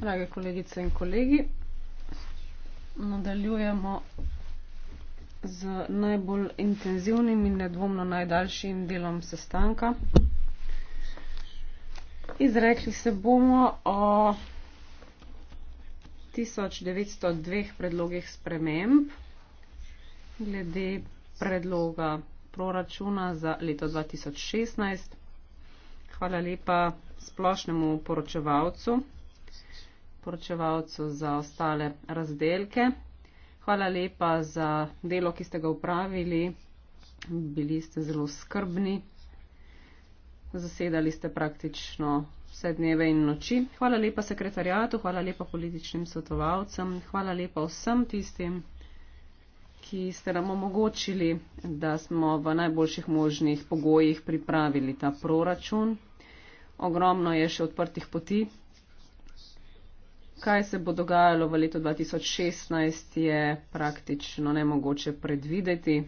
Drage kolegice in kolegi, nadaljujemo z najbolj intenzivnim in nedvomno najdaljšim delom sestanka. Izrekli se bomo o 1902 predlogih sprememb glede predloga proračuna za leto 2016. Hvala lepa splošnemu poročevalcu, poročevalcu za ostale razdelke. Hvala lepa za delo, ki ste ga upravili. Bili ste zelo skrbni. Zasedali ste praktično vse dneve in noči. Hvala lepa sekretarjatu, hvala lepa političnim svetovalcem, hvala lepa vsem tistim, ki ste nam omogočili, da smo v najboljših možnih pogojih pripravili ta proračun. Ogromno je še odprtih poti. Kaj se bo dogajalo v letu 2016, je praktično nemogoče predvideti.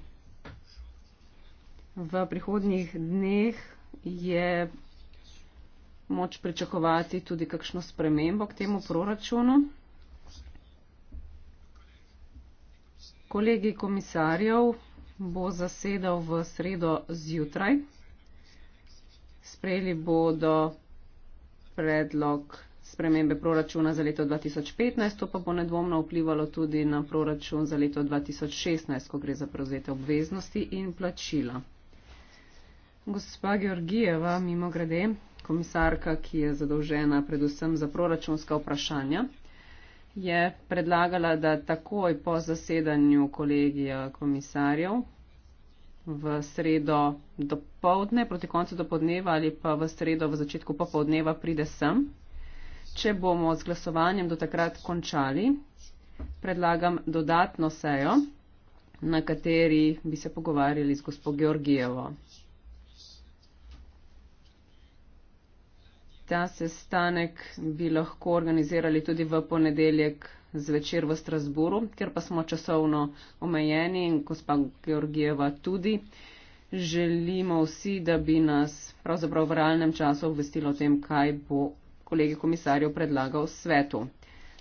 V prihodnjih dneh je moč pričakovati tudi kakšno spremembo k temu proračunu. kolegi komisarjev bo zasedal v sredo zjutraj. Sprejeli bodo predlog spremembe proračuna za leto 2015, to pa bo nedvomno vplivalo tudi na proračun za leto 2016, ko gre za prevzete obveznosti in plačila. Gospa Georgijeva, mimo grede, komisarka, ki je zadolžena predvsem za proračunska vprašanja je predlagala, da takoj po zasedanju kolegija komisarjev v sredo do povdne, proti koncu do podneva ali pa v sredo v začetku popovdneva pride sem. Če bomo z glasovanjem do takrat končali, predlagam dodatno sejo, na kateri bi se pogovarjali z gospod Georgijevo. ta sestanek bi lahko organizirali tudi v ponedeljek zvečer v Strasburu, ker pa smo časovno omejeni in gospa Georgijeva tudi. Želimo vsi, da bi nas pravzaprav v realnem času obvestilo o tem, kaj bo kolegi komisarjev predlagal svetu.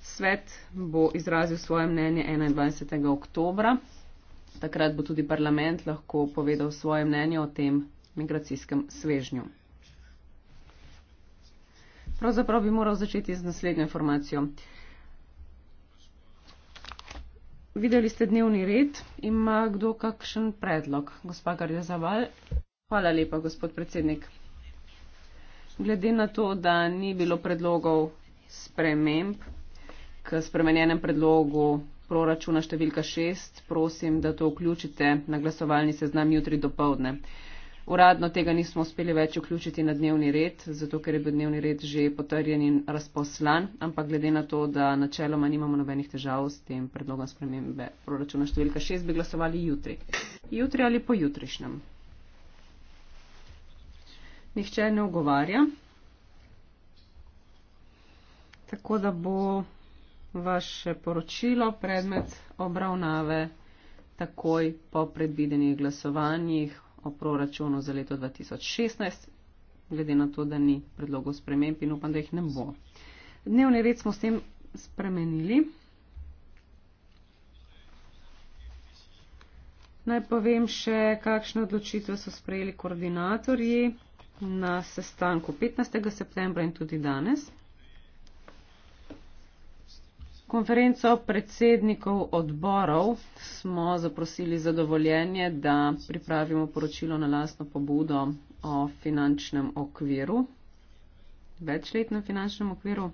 Svet bo izrazil svoje mnenje 21. oktobra. Takrat bo tudi parlament lahko povedal svoje mnenje o tem migracijskem svežnju. Pravzaprav bi moral začeti z naslednjo informacijo. Videli ste dnevni red, ima kdo kakšen predlog? Gospa Garja Zaval. Hvala lepa, gospod predsednik. Glede na to, da ni bilo predlogov sprememb k spremenjenem predlogu proračuna številka 6, prosim, da to vključite na glasovalni seznam jutri do povdne. Uradno tega nismo uspeli več vključiti na dnevni red, zato ker je bil dnevni red že potrjen in razposlan, ampak glede na to, da načeloma nimamo nobenih težav s tem predlogom spremembe proračuna številka 6, bi glasovali jutri. Jutri ali pojutrišnjem. Nihče ne ogovarja. Tako da bo vaše poročilo predmet obravnave takoj po predvidenih glasovanjih o proračunu za leto 2016, glede na to, da ni predlogov sprememb in upam, da jih ne bo. Dnevni red smo s tem spremenili. Naj povem še, kakšne odločitve so sprejeli koordinatorji na sestanku 15. septembra in tudi danes konferenco predsednikov odborov smo zaprosili za dovoljenje, da pripravimo poročilo na lastno pobudo o finančnem okviru, večletnem finančnem okviru.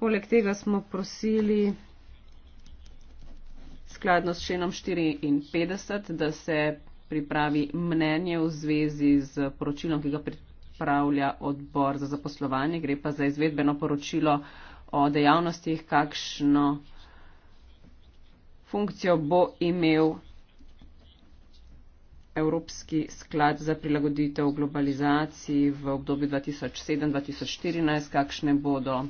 Poleg tega smo prosili skladno s členom 54, da se pripravi mnenje v zvezi z poročilom, ki ga pripravlja odbor za zaposlovanje. Gre pa za izvedbeno poročilo o dejavnostih, kakšno funkcijo bo imel Evropski sklad za prilagoditev globalizaciji v obdobju 2007-2014, kakšne bodo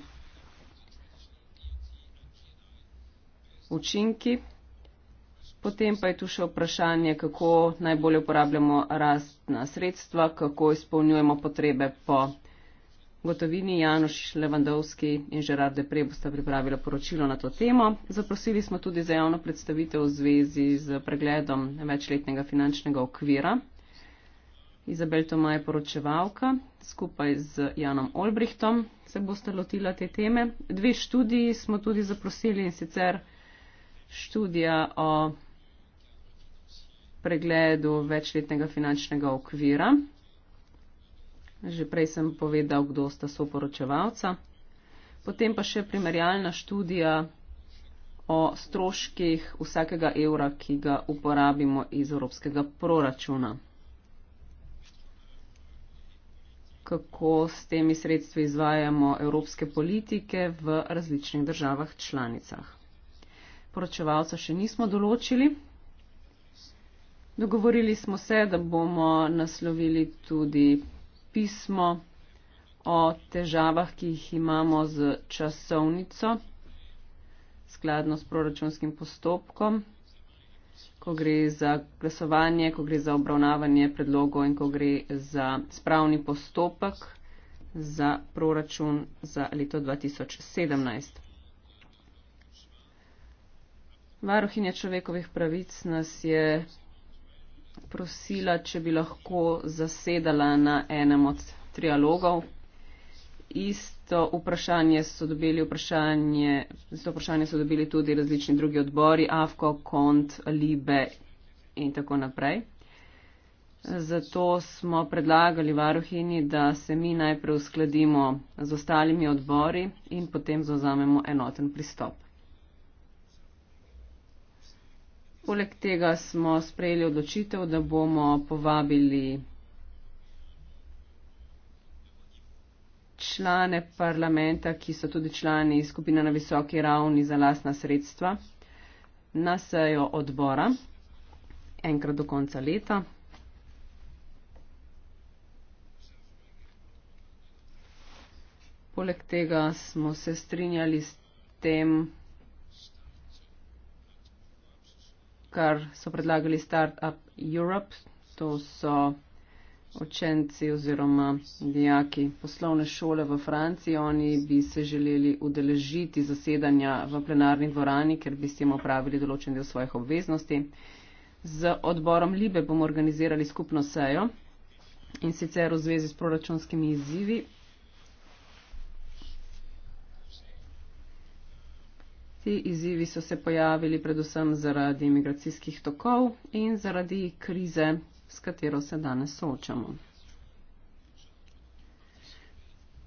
učinki. Potem pa je tu še vprašanje, kako najbolje uporabljamo rastna sredstva, kako izpolnjujemo potrebe po gotovini Janoš Levandovski in Žerar Depre bosta pripravila poročilo na to temo. Zaprosili smo tudi za javno predstavitev v zvezi z pregledom večletnega finančnega okvira. Izabel Toma je poročevalka, skupaj z Janom Olbrihtom se boste lotila te teme. Dve študiji smo tudi zaprosili in sicer študija o pregledu večletnega finančnega okvira Že prej sem povedal, kdo sta soporočevalca. Potem pa še primerjalna študija o stroških vsakega evra, ki ga uporabimo iz evropskega proračuna. Kako s temi sredstvi izvajamo evropske politike v različnih državah članicah. Poročevalca še nismo določili. Dogovorili smo se, da bomo naslovili tudi pismo o težavah, ki jih imamo z časovnico, skladno s proračunskim postopkom, ko gre za glasovanje, ko gre za obravnavanje predlogov in ko gre za spravni postopek za proračun za leto 2017. Varohinja človekovih pravic nas je prosila, če bi lahko zasedala na enem od trialogov. Isto vprašanje so dobili, vprašanje, vprašanje so dobili tudi različni drugi odbori, AFKO, KONT, LIBE in tako naprej. Zato smo predlagali varuhini, da se mi najprej uskladimo z ostalimi odbori in potem zauzamemo enoten pristop. Poleg tega smo sprejeli odločitev, da bomo povabili člane parlamenta, ki so tudi člani skupine na visoki ravni za lastna sredstva, na sejo odbora enkrat do konca leta. Poleg tega smo se strinjali s tem, kar so predlagali Startup Europe. To so učenci oziroma dijaki poslovne šole v Franciji. Oni bi se želeli udeležiti zasedanja v plenarni dvorani, ker bi s tem opravili določen del svojih obveznosti. Z odborom Libe bomo organizirali skupno sejo in sicer v zvezi s proračunskimi izzivi Ti izzivi so se pojavili predvsem zaradi imigracijskih tokov in zaradi krize, s katero se danes soočamo.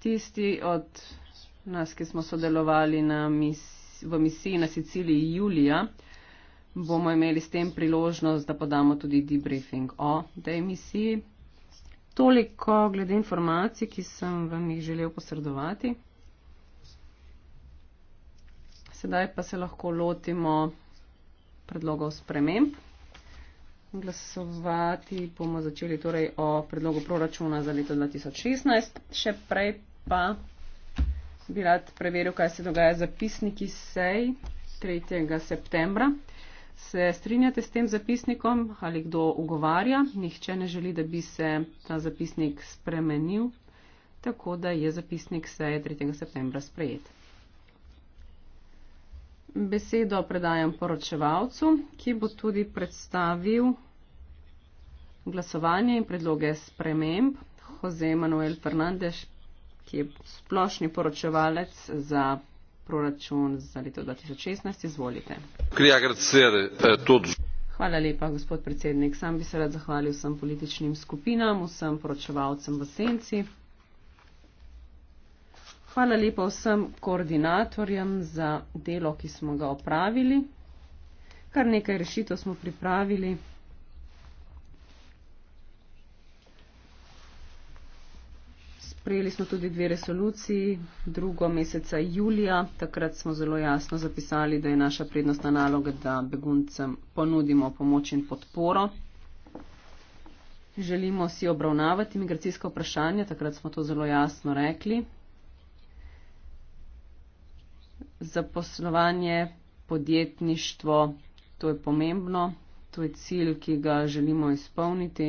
Tisti od nas, ki smo sodelovali na mis v misiji na Siciliji julija, bomo imeli s tem priložnost, da podamo tudi debriefing o tej misiji. Toliko glede informacij, ki sem vam jih želel posredovati. Sedaj pa se lahko lotimo predlogov sprememb. Glasovati bomo začeli torej o predlogu proračuna za leto 2016. Še prej pa bi rad preveril, kaj se dogaja zapisniki sej 3. septembra. Se strinjate s tem zapisnikom ali kdo ugovarja? Nihče ne želi, da bi se ta zapisnik spremenil, tako da je zapisnik seje 3. septembra sprejet besedo predajam poročevalcu, ki bo tudi predstavil glasovanje in predloge sprememb. Jose Manuel Fernandez, ki je splošni poročevalec za proračun za leto 2016, izvolite. Eh, Hvala lepa, gospod predsednik. Sam bi se rad zahvalil vsem političnim skupinam, vsem poročevalcem v senci. Hvala lepa vsem koordinatorjem za delo, ki smo ga opravili. Kar nekaj rešitev smo pripravili. Sprejeli smo tudi dve resoluciji, drugo meseca julija. Takrat smo zelo jasno zapisali, da je naša prednostna naloga, da beguncem ponudimo pomoč in podporo. Želimo si obravnavati migracijsko vprašanje, takrat smo to zelo jasno rekli zaposlovanje, podjetništvo, to je pomembno, to je cilj, ki ga želimo izpolniti.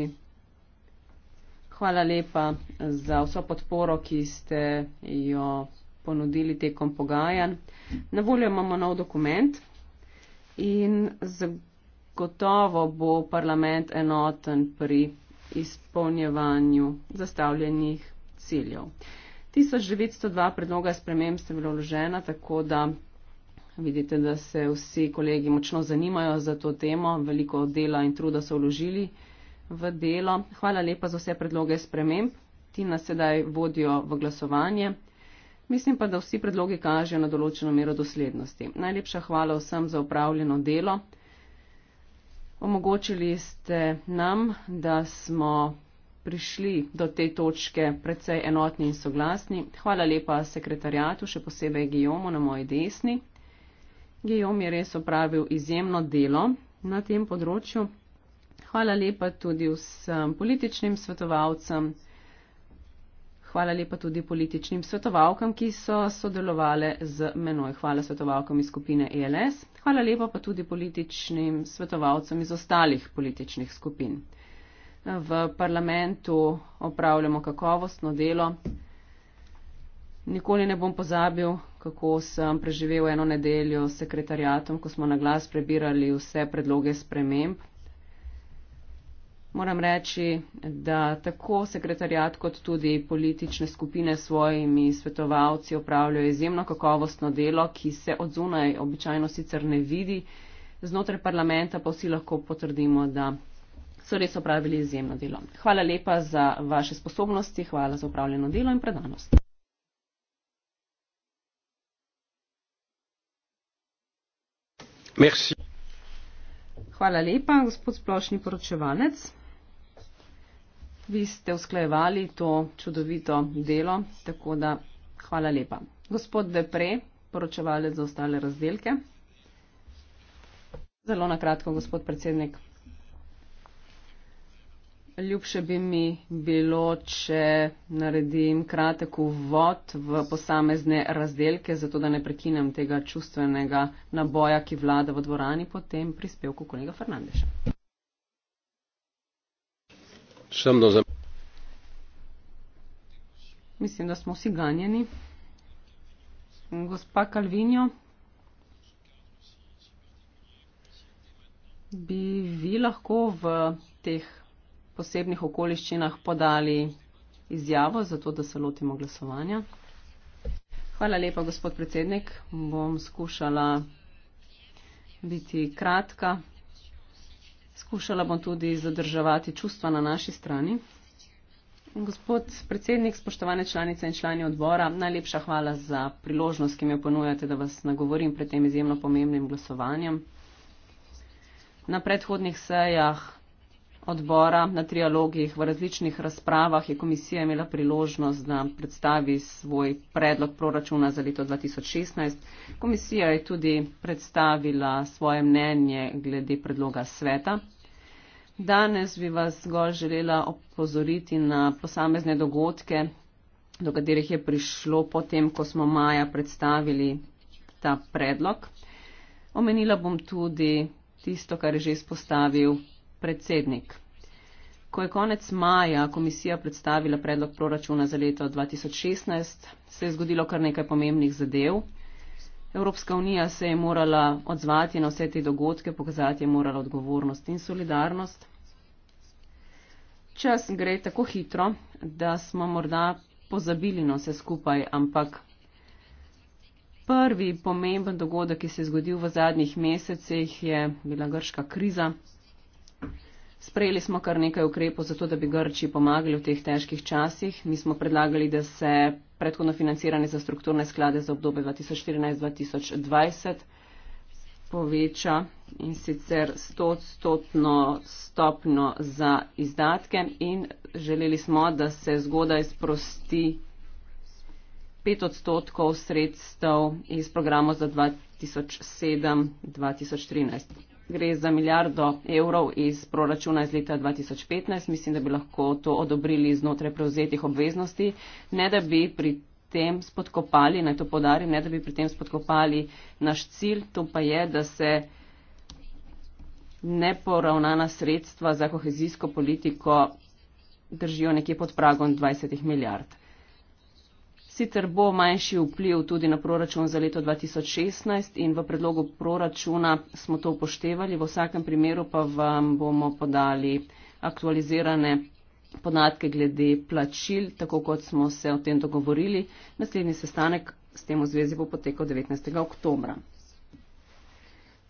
Hvala lepa za vso podporo, ki ste jo ponudili tekom pogajanj. Na voljo imamo nov dokument in zagotovo bo parlament enoten pri izpolnjevanju zastavljenih ciljev. 1902 predloga sprememb sta bila vložena, tako da vidite, da se vsi kolegi močno zanimajo za to temo, veliko dela in truda so vložili v delo. Hvala lepa za vse predloge sprememb, ti nas sedaj vodijo v glasovanje. Mislim pa, da vsi predlogi kažejo na določeno mero doslednosti. Najlepša hvala vsem za upravljeno delo. Omogočili ste nam, da smo prišli do te točke predvsej enotni in soglasni. Hvala lepa sekretarjatu, še posebej Gijomu na moji desni. Gijom je res opravil izjemno delo na tem področju. Hvala lepa tudi vsem političnim svetovalcem. Hvala lepa tudi političnim svetovalkam, ki so sodelovali z menoj. Hvala svetovalkam iz skupine ELS. Hvala lepa pa tudi političnim svetovalcem iz ostalih političnih skupin v parlamentu opravljamo kakovostno delo. Nikoli ne bom pozabil, kako sem preživel eno nedeljo s sekretarjatom, ko smo na glas prebirali vse predloge sprememb. Moram reči, da tako sekretarjat kot tudi politične skupine s svojimi svetovalci opravljajo izjemno kakovostno delo, ki se od zunaj običajno sicer ne vidi, znotraj parlamenta pa vsi lahko potrdimo, da so res opravili izjemno delo. Hvala lepa za vaše sposobnosti, hvala za upravljeno delo in predanost. Merci. Hvala lepa, gospod splošni poročevalec. Vi ste usklajevali to čudovito delo, tako da hvala lepa. Gospod Depre, poročevalec za ostale razdelke. Zelo nakratko, gospod predsednik, Ljubše bi mi bilo, če naredim kratek uvod v posamezne razdelke, zato da ne prekinem tega čustvenega naboja, ki vlada v dvorani po tem prispevku kolega Fernandeša. Mislim, da smo vsi ganjeni. Gospa Kalvinjo, bi vi lahko v teh posebnih okoliščinah podali izjavo za to, da se lotimo glasovanja. Hvala lepa, gospod predsednik. Bom skušala biti kratka. Skušala bom tudi zadrževati čustva na naši strani. Gospod predsednik, spoštovane članice in člani odbora, najlepša hvala za priložnost, ki mi jo ponujate, da vas nagovorim pred tem izjemno pomembnim glasovanjem. Na predhodnih sejah odbora na trialogih, v različnih razpravah je komisija imela priložnost, da predstavi svoj predlog proračuna za leto 2016. Komisija je tudi predstavila svoje mnenje glede predloga sveta. Danes bi vas zgolj želela opozoriti na posamezne dogodke, do katerih je prišlo potem, ko smo maja predstavili ta predlog. Omenila bom tudi tisto, kar je že izpostavil predsednik. Ko je konec maja komisija predstavila predlog proračuna za leto 2016, se je zgodilo kar nekaj pomembnih zadev. Evropska unija se je morala odzvati na vse te dogodke, pokazati je morala odgovornost in solidarnost. Čas gre tako hitro, da smo morda pozabili na vse skupaj, ampak prvi pomemben dogodek, ki se je zgodil v zadnjih mesecih, je bila grška kriza. Sprejeli smo kar nekaj ukrepov za to, da bi Grči pomagali v teh težkih časih. Mi smo predlagali, da se predhodno financiranje za strukturne sklade za obdobje 2014-2020 poveča in sicer 100-stotno stopno za izdatke in želeli smo, da se zgodaj sprosti 5 odstotkov sredstev iz programa za 2007-2013 gre za milijardo evrov iz proračuna iz leta 2015. Mislim, da bi lahko to odobrili znotraj prevzetih obveznosti, ne da bi pri tem spodkopali, naj to podarim, ne da bi pri tem spodkopali naš cilj, to pa je, da se neporavnana sredstva za kohezijsko politiko držijo nekje pod pragom 20 milijard. Sicer bo manjši vpliv tudi na proračun za leto 2016 in v predlogu proračuna smo to upoštevali, v vsakem primeru pa vam bomo podali aktualizirane podatke glede plačil, tako kot smo se o tem dogovorili. Naslednji sestanek s tem v zvezi bo potekal 19. oktobra.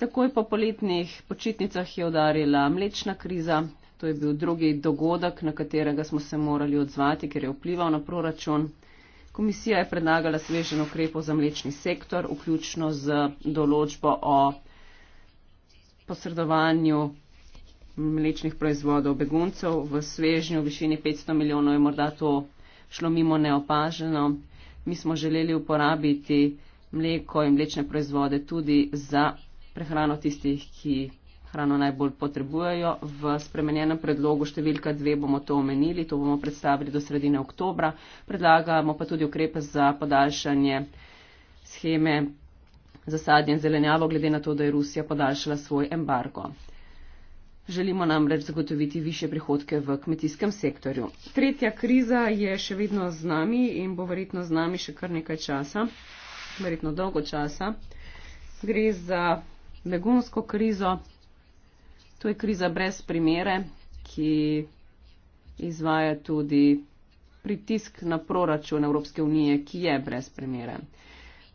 Takoj po poletnih počitnicah je udarila mlečna kriza. To je bil drugi dogodek, na katerega smo se morali odzvati, ker je vplival na proračun. Komisija je predlagala svežen ukrepo za mlečni sektor, vključno z določbo o posredovanju mlečnih proizvodov beguncev v svežnju v višini 500 milijonov. Je morda to šlo mimo neopaženo. Mi smo želeli uporabiti mleko in mlečne proizvode tudi za prehrano tistih, ki hrano najbolj potrebujejo. V spremenjenem predlogu številka dve bomo to omenili, to bomo predstavili do sredine oktobra. Predlagamo pa tudi ukrepe za podaljšanje scheme za sadje in zelenjavo, glede na to, da je Rusija podaljšala svoj embargo. Želimo nam reč zagotoviti više prihodke v kmetijskem sektorju. Tretja kriza je še vedno z nami in bo verjetno z nami še kar nekaj časa, verjetno dolgo časa. Gre za begunsko krizo. To je kriza brez primere, ki izvaja tudi pritisk na proračun Evropske unije, ki je brez primere.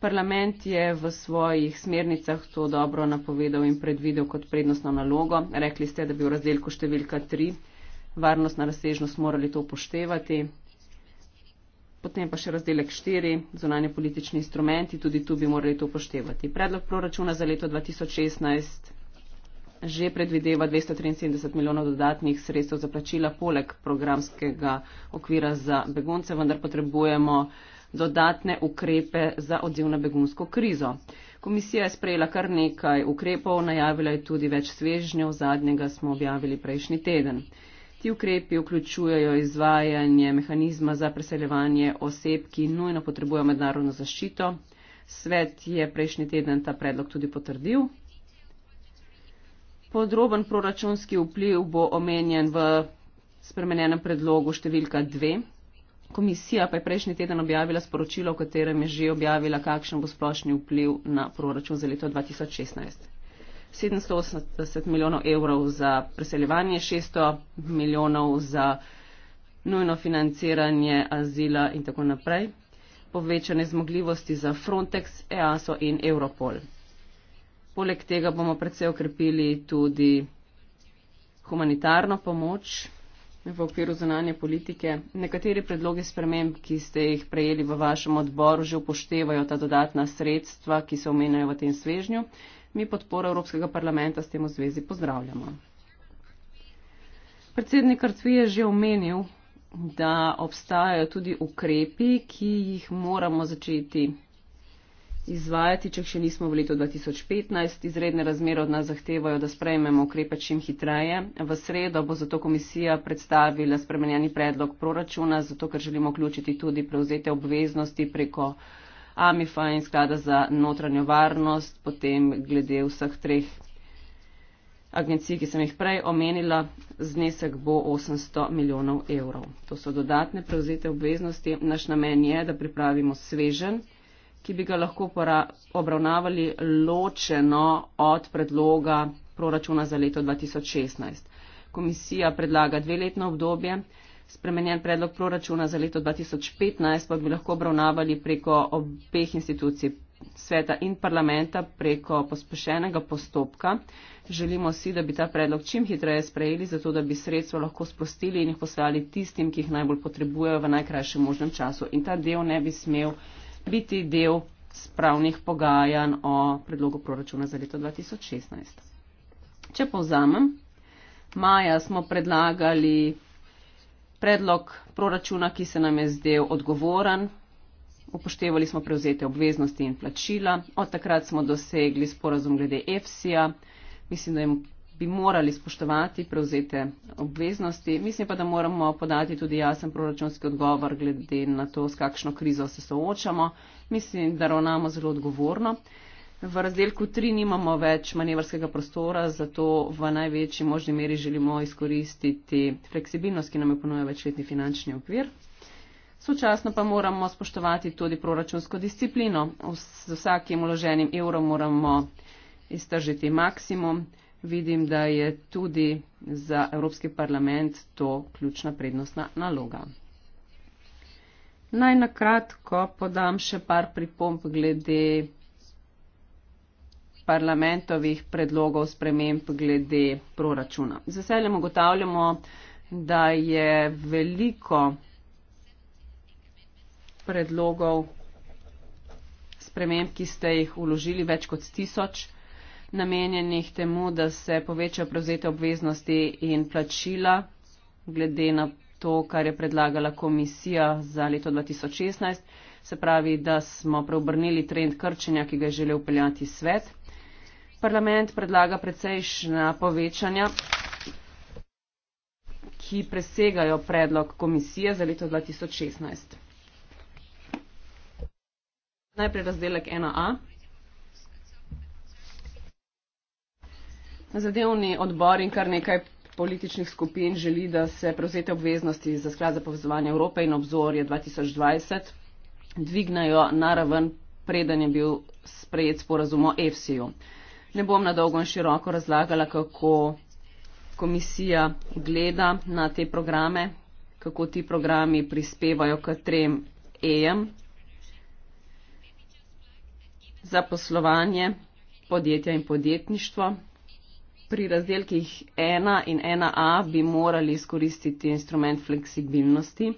Parlament je v svojih smernicah to dobro napovedal in predvidel kot prednostno nalogo. Rekli ste, da bi v razdelku številka 3 varnostna razsežnost morali to upoštevati. Potem pa še razdelek 4, zunanje politični instrumenti, tudi tu bi morali to upoštevati. Predlog proračuna za leto 2016 že predvideva 273 milijonov dodatnih sredstev za plačila poleg programskega okvira za begunce, vendar potrebujemo dodatne ukrepe za odziv na begunsko krizo. Komisija je sprejela kar nekaj ukrepov, najavila je tudi več svežnjev, zadnjega smo objavili prejšnji teden. Ti ukrepi vključujejo izvajanje mehanizma za preseljevanje oseb, ki nujno potrebujejo mednarodno zaščito. Svet je prejšnji teden ta predlog tudi potrdil. Podroben proračunski vpliv bo omenjen v spremenjenem predlogu številka 2. Komisija pa je prejšnji teden objavila sporočilo, v katerem je že objavila, kakšen bo splošni vpliv na proračun za leto 2016. 780 milijonov evrov za preseljevanje, 600 milijonov za nujno financiranje azila in tako naprej, povečane zmogljivosti za Frontex, EASO in Europol. Poleg tega bomo predvsej okrepili tudi humanitarno pomoč v okviru zunanje politike. Nekateri predlogi sprememb, ki ste jih prejeli v vašem odboru, že upoštevajo ta dodatna sredstva, ki se omenjajo v tem svežnju. Mi podporo Evropskega parlamenta s tem v zvezi pozdravljamo. Predsednik Artvi je že omenil, da obstajajo tudi ukrepi, ki jih moramo začeti izvajati, če še nismo v letu 2015. Izredne razmere od nas zahtevajo, da sprejmemo ukrepe čim hitreje. V sredo bo zato komisija predstavila spremenjeni predlog proračuna, zato ker želimo vključiti tudi prevzete obveznosti preko AMIFA in sklada za notranjo varnost, potem glede vseh treh agencij, ki sem jih prej omenila, znesek bo 800 milijonov evrov. To so dodatne prevzete obveznosti. Naš namen je, da pripravimo svežen ki bi ga lahko obravnavali ločeno od predloga proračuna za leto 2016. Komisija predlaga dveletno obdobje, spremenjen predlog proračuna za leto 2015 pa bi lahko obravnavali preko obeh institucij sveta in parlamenta preko pospešenega postopka. Želimo si, da bi ta predlog čim hitreje sprejeli, zato da bi sredstvo lahko spustili in jih poslali tistim, ki jih najbolj potrebujejo v najkrajšem možnem času. In ta del ne bi smel biti del spravnih pogajanj o predlogu proračuna za leto 2016. Če povzamem, maja smo predlagali predlog proračuna, ki se nam je zdel odgovoren, upoštevali smo prevzete obveznosti in plačila, od takrat smo dosegli sporazum glede EFSI-ja, mislim, da je bi morali spoštovati prevzete obveznosti. Mislim pa, da moramo podati tudi jasen proračunski odgovor glede na to, s kakšno krizo se soočamo. Mislim, da ravnamo zelo odgovorno. V razdelku 3 nimamo več manevrskega prostora, zato v največji možni meri želimo izkoristiti fleksibilnost, ki nam jo ponuja večletni finančni okvir. Sočasno pa moramo spoštovati tudi proračunsko disciplino. Z vsakim uloženim evrom moramo iztržiti maksimum vidim, da je tudi za Evropski parlament to ključna prednostna naloga. Naj nakratko podam še par pripomp glede parlamentovih predlogov sprememb glede proračuna. Z veseljem ugotavljamo, da je veliko predlogov sprememb, ki ste jih uložili, več kot tisoč namenjenih temu, da se povečajo prevzete obveznosti in plačila, glede na to, kar je predlagala komisija za leto 2016. Se pravi, da smo preobrnili trend krčenja, ki ga je želel upeljati svet. Parlament predlaga precejšnja povečanja, ki presegajo predlog komisije za leto 2016. Najprej razdelek 1a. Zadevni odbor in kar nekaj političnih skupin želi, da se prevzete obveznosti za sklad za povezovanje Evrope in obzorje 2020 dvignajo na raven, preden je bil sprejet sporazum o EFSI-ju. Ne bom na dolgo in široko razlagala, kako komisija gleda na te programe, kako ti programi prispevajo k trem EM za poslovanje podjetja in podjetništvo, pri razdelkih 1 in 1a bi morali izkoristiti instrument fleksibilnosti.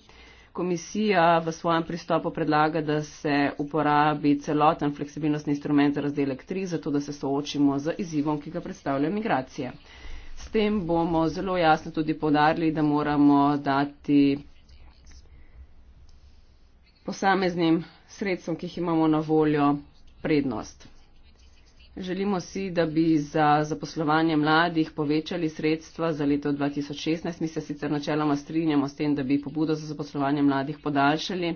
Komisija v svojem pristopu predlaga, da se uporabi celoten fleksibilnostni instrument za razdelek 3, zato da se soočimo z izzivom, ki ga predstavlja migracija. S tem bomo zelo jasno tudi podarili, da moramo dati posameznim sredstvom, ki jih imamo na voljo, prednost. Želimo si, da bi za zaposlovanje mladih povečali sredstva za leto 2016. Mi se sicer načeloma strinjamo s tem, da bi pobudo za zaposlovanje mladih podaljšali.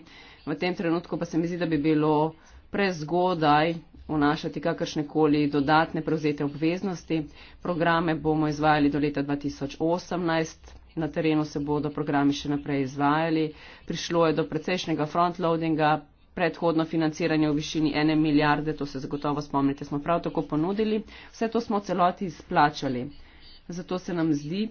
V tem trenutku pa se mi zdi, da bi bilo prezgodaj vnašati kakršne koli dodatne prevzete obveznosti. Programe bomo izvajali do leta 2018. Na terenu se bodo programi še naprej izvajali. Prišlo je do precejšnjega frontloadinga, predhodno financiranje v višini ene milijarde, to se zagotovo spomnite, smo prav tako ponudili, vse to smo celoti izplačali. Zato se nam zdi,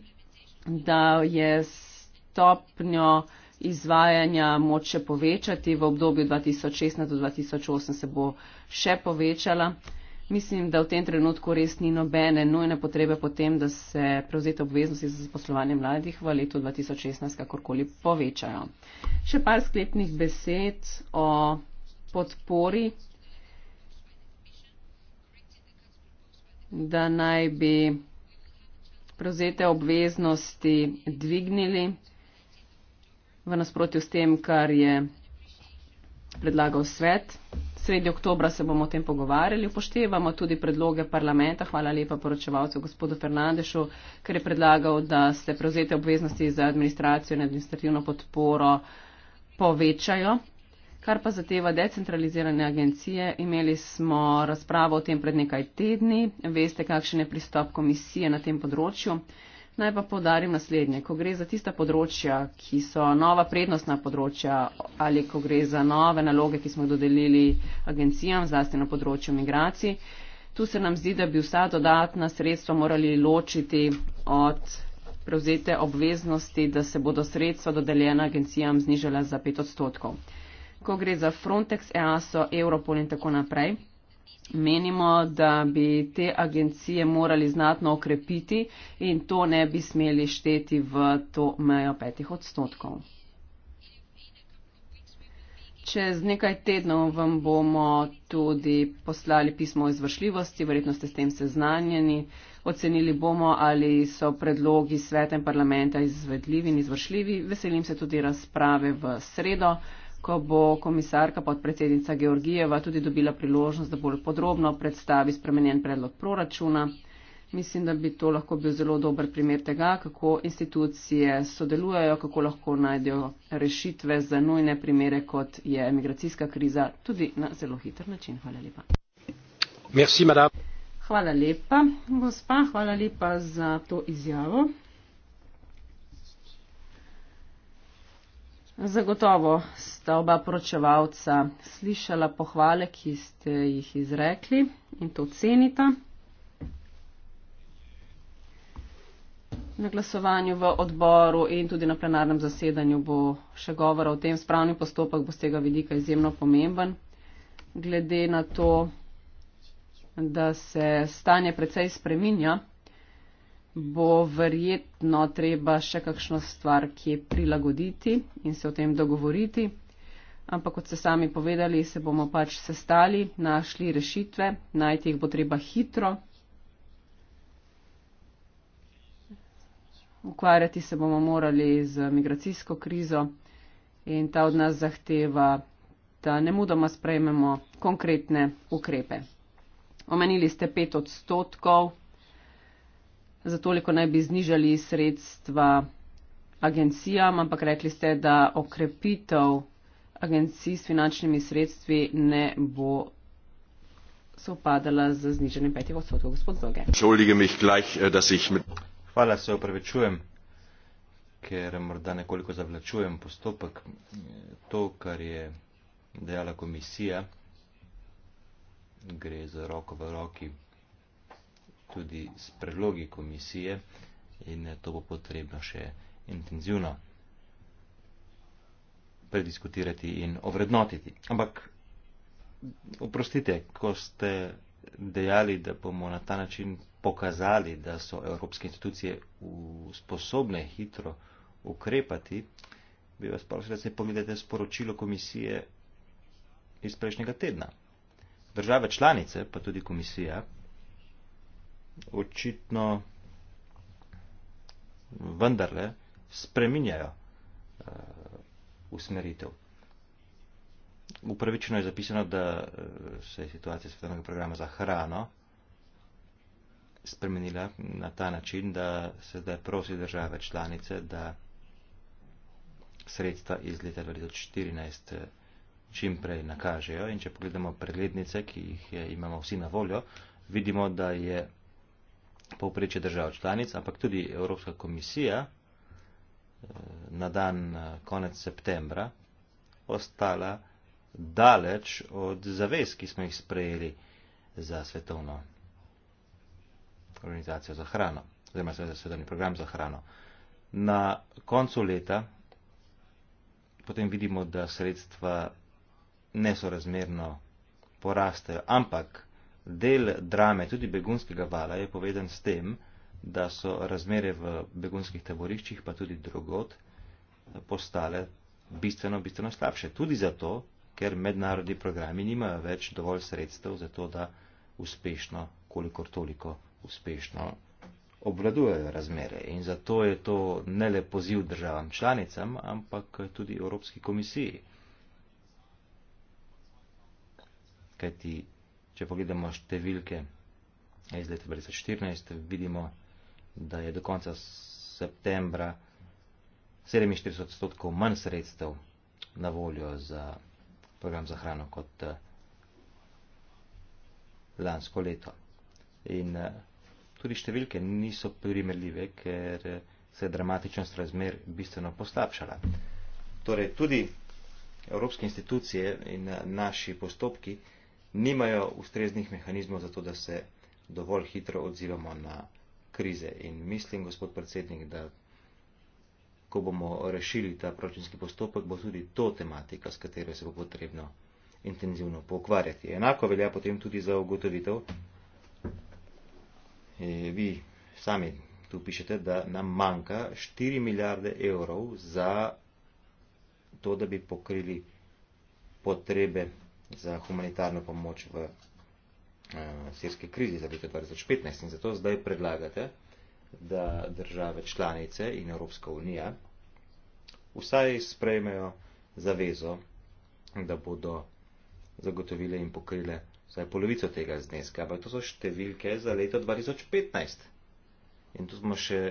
da je stopnjo izvajanja moč še povečati, v obdobju 2016-2008 se bo še povečala. Mislim, da v tem trenutku res ni nobene nujne potrebe potem, da se prevzete obveznosti za zaposlovanje mladih v letu 2016 kakorkoli povečajo. Še par sklepnih besed o podpori, da naj bi prevzete obveznosti dvignili v nasprotju s tem, kar je predlagal svet sredi oktobra se bomo o tem pogovarjali, upoštevamo tudi predloge parlamenta, hvala lepa poročevalcu gospodu Fernandešu, ker je predlagal, da se prevzete obveznosti za administracijo in administrativno podporo povečajo, kar pa zateva decentralizirane agencije. Imeli smo razpravo o tem pred nekaj tedni, veste, kakšen je pristop komisije na tem področju. Naj pa povdarim naslednje. Ko gre za tista področja, ki so nova prednostna področja ali ko gre za nove naloge, ki smo dodelili agencijam, zlasti na področju migracij, tu se nam zdi, da bi vsa dodatna sredstva morali ločiti od prevzete obveznosti, da se bodo sredstva dodeljena agencijam znižala za 5 odstotkov. Ko gre za Frontex, EASO, Europol in tako naprej, Menimo, da bi te agencije morali znatno okrepiti in to ne bi smeli šteti v to mejo petih odstotkov. Čez nekaj tednov vam bomo tudi poslali pismo o izvršljivosti, verjetno ste s tem seznanjeni. Ocenili bomo, ali so predlogi sveta in parlamenta izvedljivi in izvršljivi. Veselim se tudi razprave v sredo ko bo komisarka podpredsednica Georgijeva tudi dobila priložnost, da bolj podrobno predstavi spremenjen predlog proračuna. Mislim, da bi to lahko bil zelo dober primer tega, kako institucije sodelujejo, kako lahko najdejo rešitve za nujne primere, kot je emigracijska kriza, tudi na zelo hiter način. Hvala lepa. Merci, hvala lepa, gospa. Hvala lepa za to izjavo. Zagotovo sta oba poročevalca slišala pohvale, ki ste jih izrekli in to cenita. Na glasovanju v odboru in tudi na plenarnem zasedanju bo še govora o tem. Spravni postopek bo z tega vidika izjemno pomemben, glede na to, da se stanje precej spreminja bo verjetno treba še kakšno stvar kje prilagoditi in se o tem dogovoriti. Ampak kot ste sami povedali, se bomo pač sestali, našli rešitve, najti jih bo treba hitro. Ukvarjati se bomo morali z migracijsko krizo in ta od nas zahteva, da ne mudoma sprejmemo konkretne ukrepe. Omenili ste pet odstotkov za toliko naj bi znižali sredstva agencijam, ampak rekli ste, da okrepitev agencij s finančnimi sredstvi ne bo sopadala z zniženjem petih odstotkov. Gospod Zoge. Äh, Hvala, se opravičujem, ker morda nekoliko zavlačujem postopek. To, kar je dejala komisija, gre za roko v roki tudi s predlogi komisije in eh, to bo potrebno še intenzivno prediskutirati in ovrednotiti. Ampak, oprostite, ko ste dejali, da bomo na ta način pokazali, da so evropske institucije sposobne hitro ukrepati, bi vas prosil, da se pogledate sporočilo komisije iz prejšnjega tedna. Države članice, pa tudi komisija, očitno vendarle spreminjajo uh, usmeritev. Upravičeno je zapisano, da eh, se je situacija svetovnega programa za hrano spremenila na ta način, da se zdaj prosi države članice, da sredstva iz leta 2014 eh, čim prej nakažejo. In če pogledamo preglednice, ki jih je, imamo vsi na voljo, vidimo, da je povprečje držav članic, ampak tudi Evropska komisija eh, na dan eh, konec septembra ostala daleč od zavez, ki smo jih sprejeli za svetovno organizacijo za hrano, oziroma za svetovni program za hrano. Na koncu leta potem vidimo, da sredstva nesorazmerno porastejo, ampak del drame, tudi begunskega vala, je povezan s tem, da so razmere v begunskih taboriščih, pa tudi drugot, postale bistveno, bistveno slabše. Tudi zato, ker mednarodni programi nimajo več dovolj sredstev za to, da uspešno, kolikor toliko uspešno obvladujejo razmere. In zato je to ne le poziv državam članicam, ampak tudi Evropski komisiji. Kajti Če pogledamo številke iz leta 2014, vidimo, da je do konca septembra 47 odstotkov manj sredstev na voljo za program za hrano kot eh, lansko leto. In eh, tudi številke niso primerljive, ker eh, se je dramatičnost razmer bistveno poslabšala. Torej, tudi evropske institucije in naši postopki nimajo ustreznih mehanizmov za to, da se dovolj hitro odzivamo na krize. In mislim, gospod predsednik, da ko bomo rešili ta pročinski postopek, bo tudi to tematika, s katero se bo potrebno intenzivno pokvarjati. Enako velja potem tudi za ugotovitev. E, vi sami tu pišete, da nam manjka 4 milijarde evrov za to, da bi pokrili potrebe za humanitarno pomoč v uh, sirski krizi za leto 2015. In zato zdaj predlagate, da države članice in Evropska unija vsaj sprejmejo zavezo, da bodo zagotovile in pokrile vsaj polovico tega zneska. Ampak to so številke za leto 2015. In tu smo še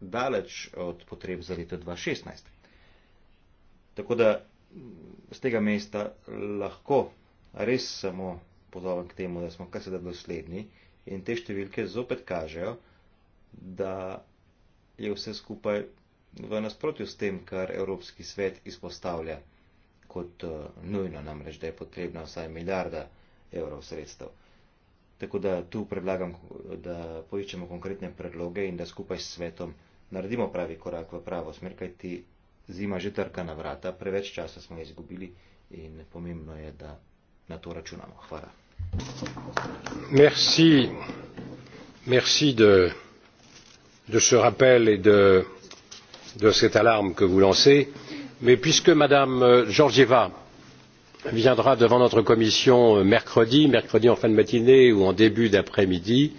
daleč od potreb za leto 2016. Tako da z tega mesta lahko res samo pozovem k temu, da smo kar se da dosledni in te številke zopet kažejo, da je vse skupaj v nasprotju s tem, kar Evropski svet izpostavlja kot eh, nujno, namreč da je potrebna vsaj milijarda evrov sredstev. Tako da tu predlagam, da poiščemo konkretne predloge in da skupaj s svetom naredimo pravi korak v pravo smer, kaj ti zima že trka na vrata, preveč časa smo izgubili in pomembno je, da na to računamo. Hvala. Merci. Merci de, de ce rappel et de, de cette alarme que vous lancez. Mais puisque Madame Georgieva viendra devant notre commission mercredi, mercredi en fin de matinée ou en début d'après-midi,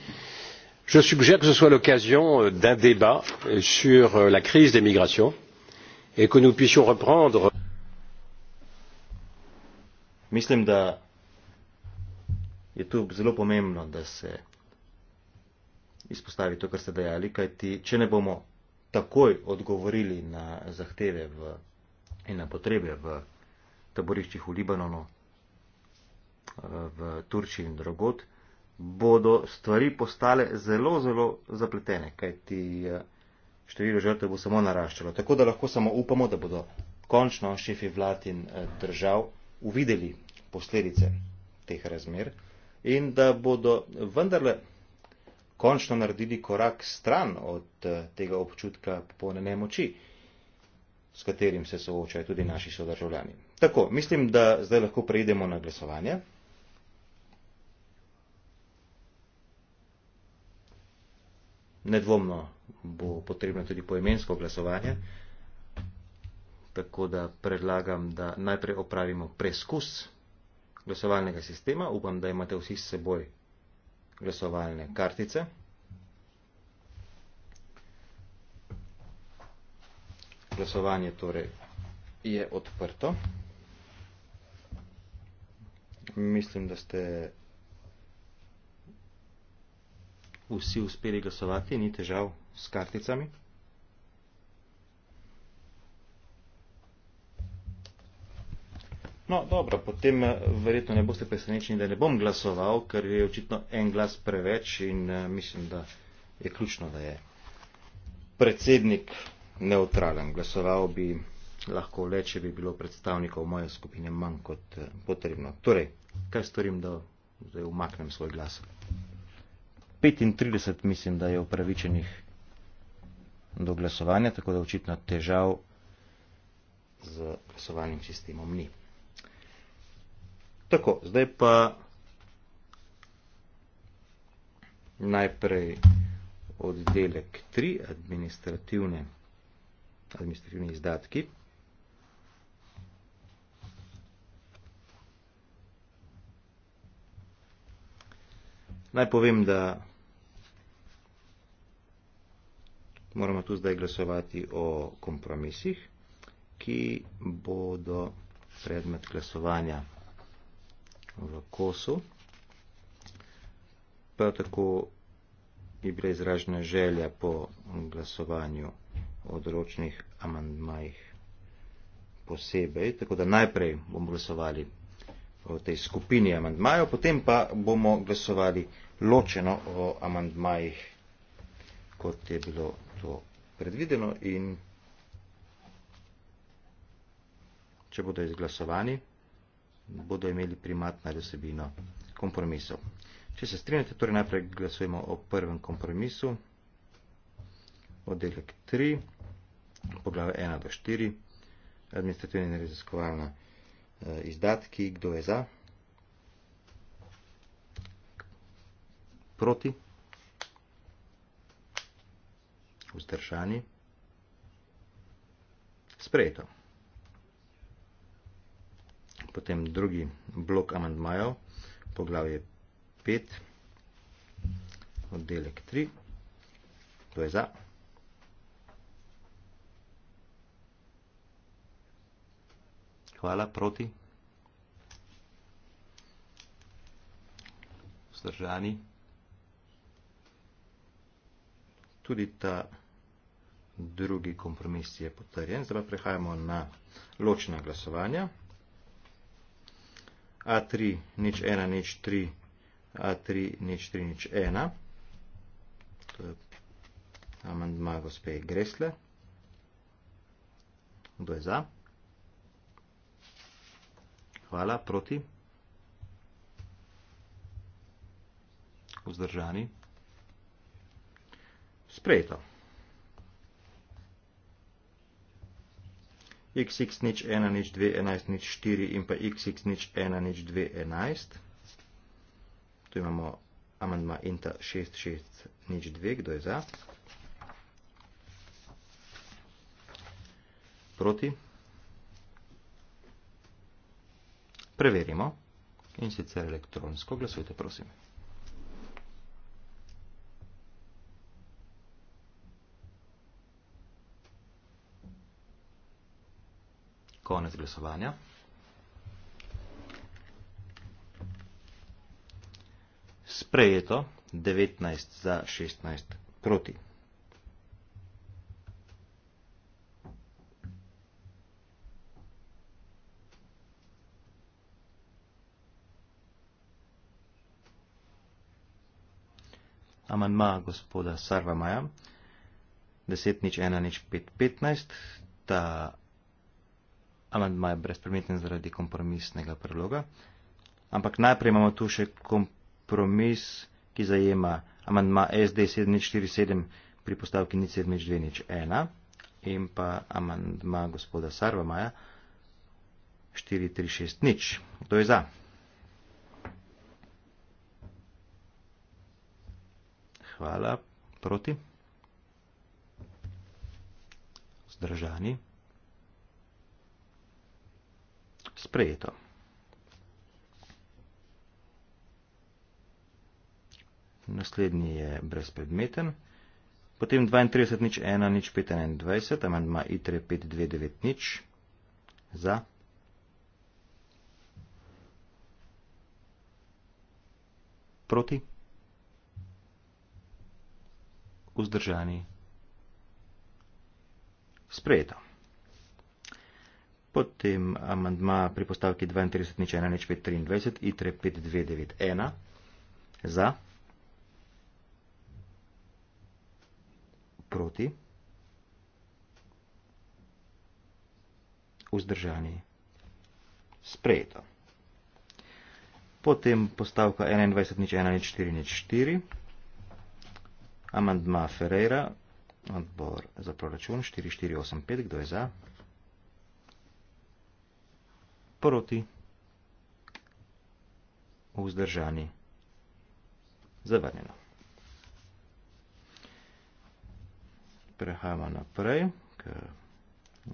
je suggère que ce soit l'occasion d'un débat sur la crise des migrations et que nous puissions reprendre. Mislim, da je tu zelo pomembno, da se izpostavi to, kar ste dejali, kajti če ne bomo takoj odgovorili na zahteve v, in na potrebe v taboriščih v Libanonu, v Turčiji in drugod, bodo stvari postale zelo, zelo zapletene, kajti. Uh, število žrtev bo samo naraščalo. Tako da lahko samo upamo, da bodo končno šefi vlad in eh, držav uvideli posledice teh razmer in da bodo vendarle končno naredili korak stran od eh, tega občutka popolne nemoči, s katerim se soočajo tudi naši sodržavljani. Tako, mislim, da zdaj lahko preidemo na glasovanje. nedvomno bo potrebno tudi poemensko glasovanje, tako da predlagam, da najprej opravimo preskus glasovalnega sistema. Upam, da imate vsi s seboj glasovalne kartice. Glasovanje torej je odprto. Mislim, da ste vsi uspeli glasovati, ni težav s karticami. No, dobro, potem eh, verjetno ne boste presenečeni, da ne bom glasoval, ker je očitno en glas preveč in eh, mislim, da je ključno, da je predsednik neutralen. Glasoval bi lahko le, če bi bilo predstavnikov moje skupine manj kot eh, potrebno. Torej, kaj storim, da, da umaknem svoj glas? 35 mislim, da je upravičenih do glasovanja, tako da očitno težav z glasovanjem sistemom ni. Tako, zdaj pa najprej oddelek 3, administrativne, administrativne izdatki. Naj povem, da moramo tu zdaj glasovati o kompromisih, ki bodo predmet glasovanja v kosu. Prav tako bi bila izražena želja po glasovanju o določenih amandmajih posebej, tako da najprej bomo glasovali o tej skupini amandmajev, potem pa bomo glasovali ločeno o amandmajih, kot je bilo to predvideno in če bodo izglasovani, bodo imeli primat na resebino kompromisov. Če se strinjate, torej najprej glasujemo o prvem kompromisu, oddelek 3, poglave 1 do 4, administrativne in raziskovalne eh, izdatki, kdo je za, proti vzdržani, sprejeto. Potem drugi blok amandmajev, poglavje 5, oddelek 3, to je za. Hvala, proti. Vzdržani. Vzdržani. tudi ta drugi kompromis je potrjen. Zdaj pa prehajamo na ločna glasovanja. A3 nič 1 nič 3 A3 nič 3 nič 1 To je amandma gospe Gresle. Kdo je za? Hvala, proti? Vzdržani? Vzdržani? sprejeto. xx nič 1 nič 2 11 nič 4 in pa xx nič 1 nič 2 11. Tu imamo amandma inta 6 6 nič 2, kdo je za? Proti? Preverimo in sicer elektronsko glasujte, prosim. Konec glasovanja. Sprejeto 19 za 16 proti. Amandma gospoda Sarva Maja, 10 nič 1 nič 5 15, ta amandmaj brezpremeten zaradi kompromisnega predloga. Ampak najprej imamo tu še kompromis, ki zajema amandma SD 747 pri postavki 0721 in pa amandma gospoda Sarva Maja 4360. Kdo je za? Hvala. Proti? Zdržani. sprejeto. Naslednji je brezpredmeten. Potem 32 nič 1 nič 5 21, tam ima i3 5 2 9 nič za. Proti. Vzdržani. Sprejeto. Potem amandma pri postavki 32.1.5.23 i 3.5.2.9.1 za. Proti. Vzdržani. Sprejeto. Potem postavka 21.1.4.4. Amandma Ferreira. Odbor za proračun 4.4.8.5. Kdo je za? proti vzdržani. Zavrnjeno. Prehajamo naprej, k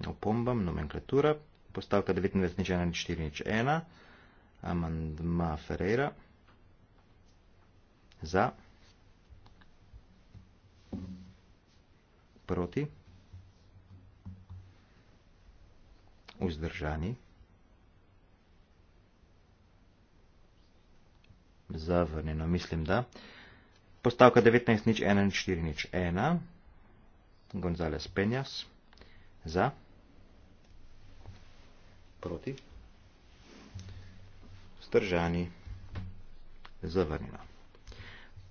opombam, nomenklatura, postavka 29 nič 1 nič 4 nič 1, amandma Ferreira, za, proti, vzdržani, vzdržani, zavrnjeno, mislim da. Postavka 19.0.1.4.1. Gonzales Penjas. Za. Proti. Stržani. Zavrnjeno.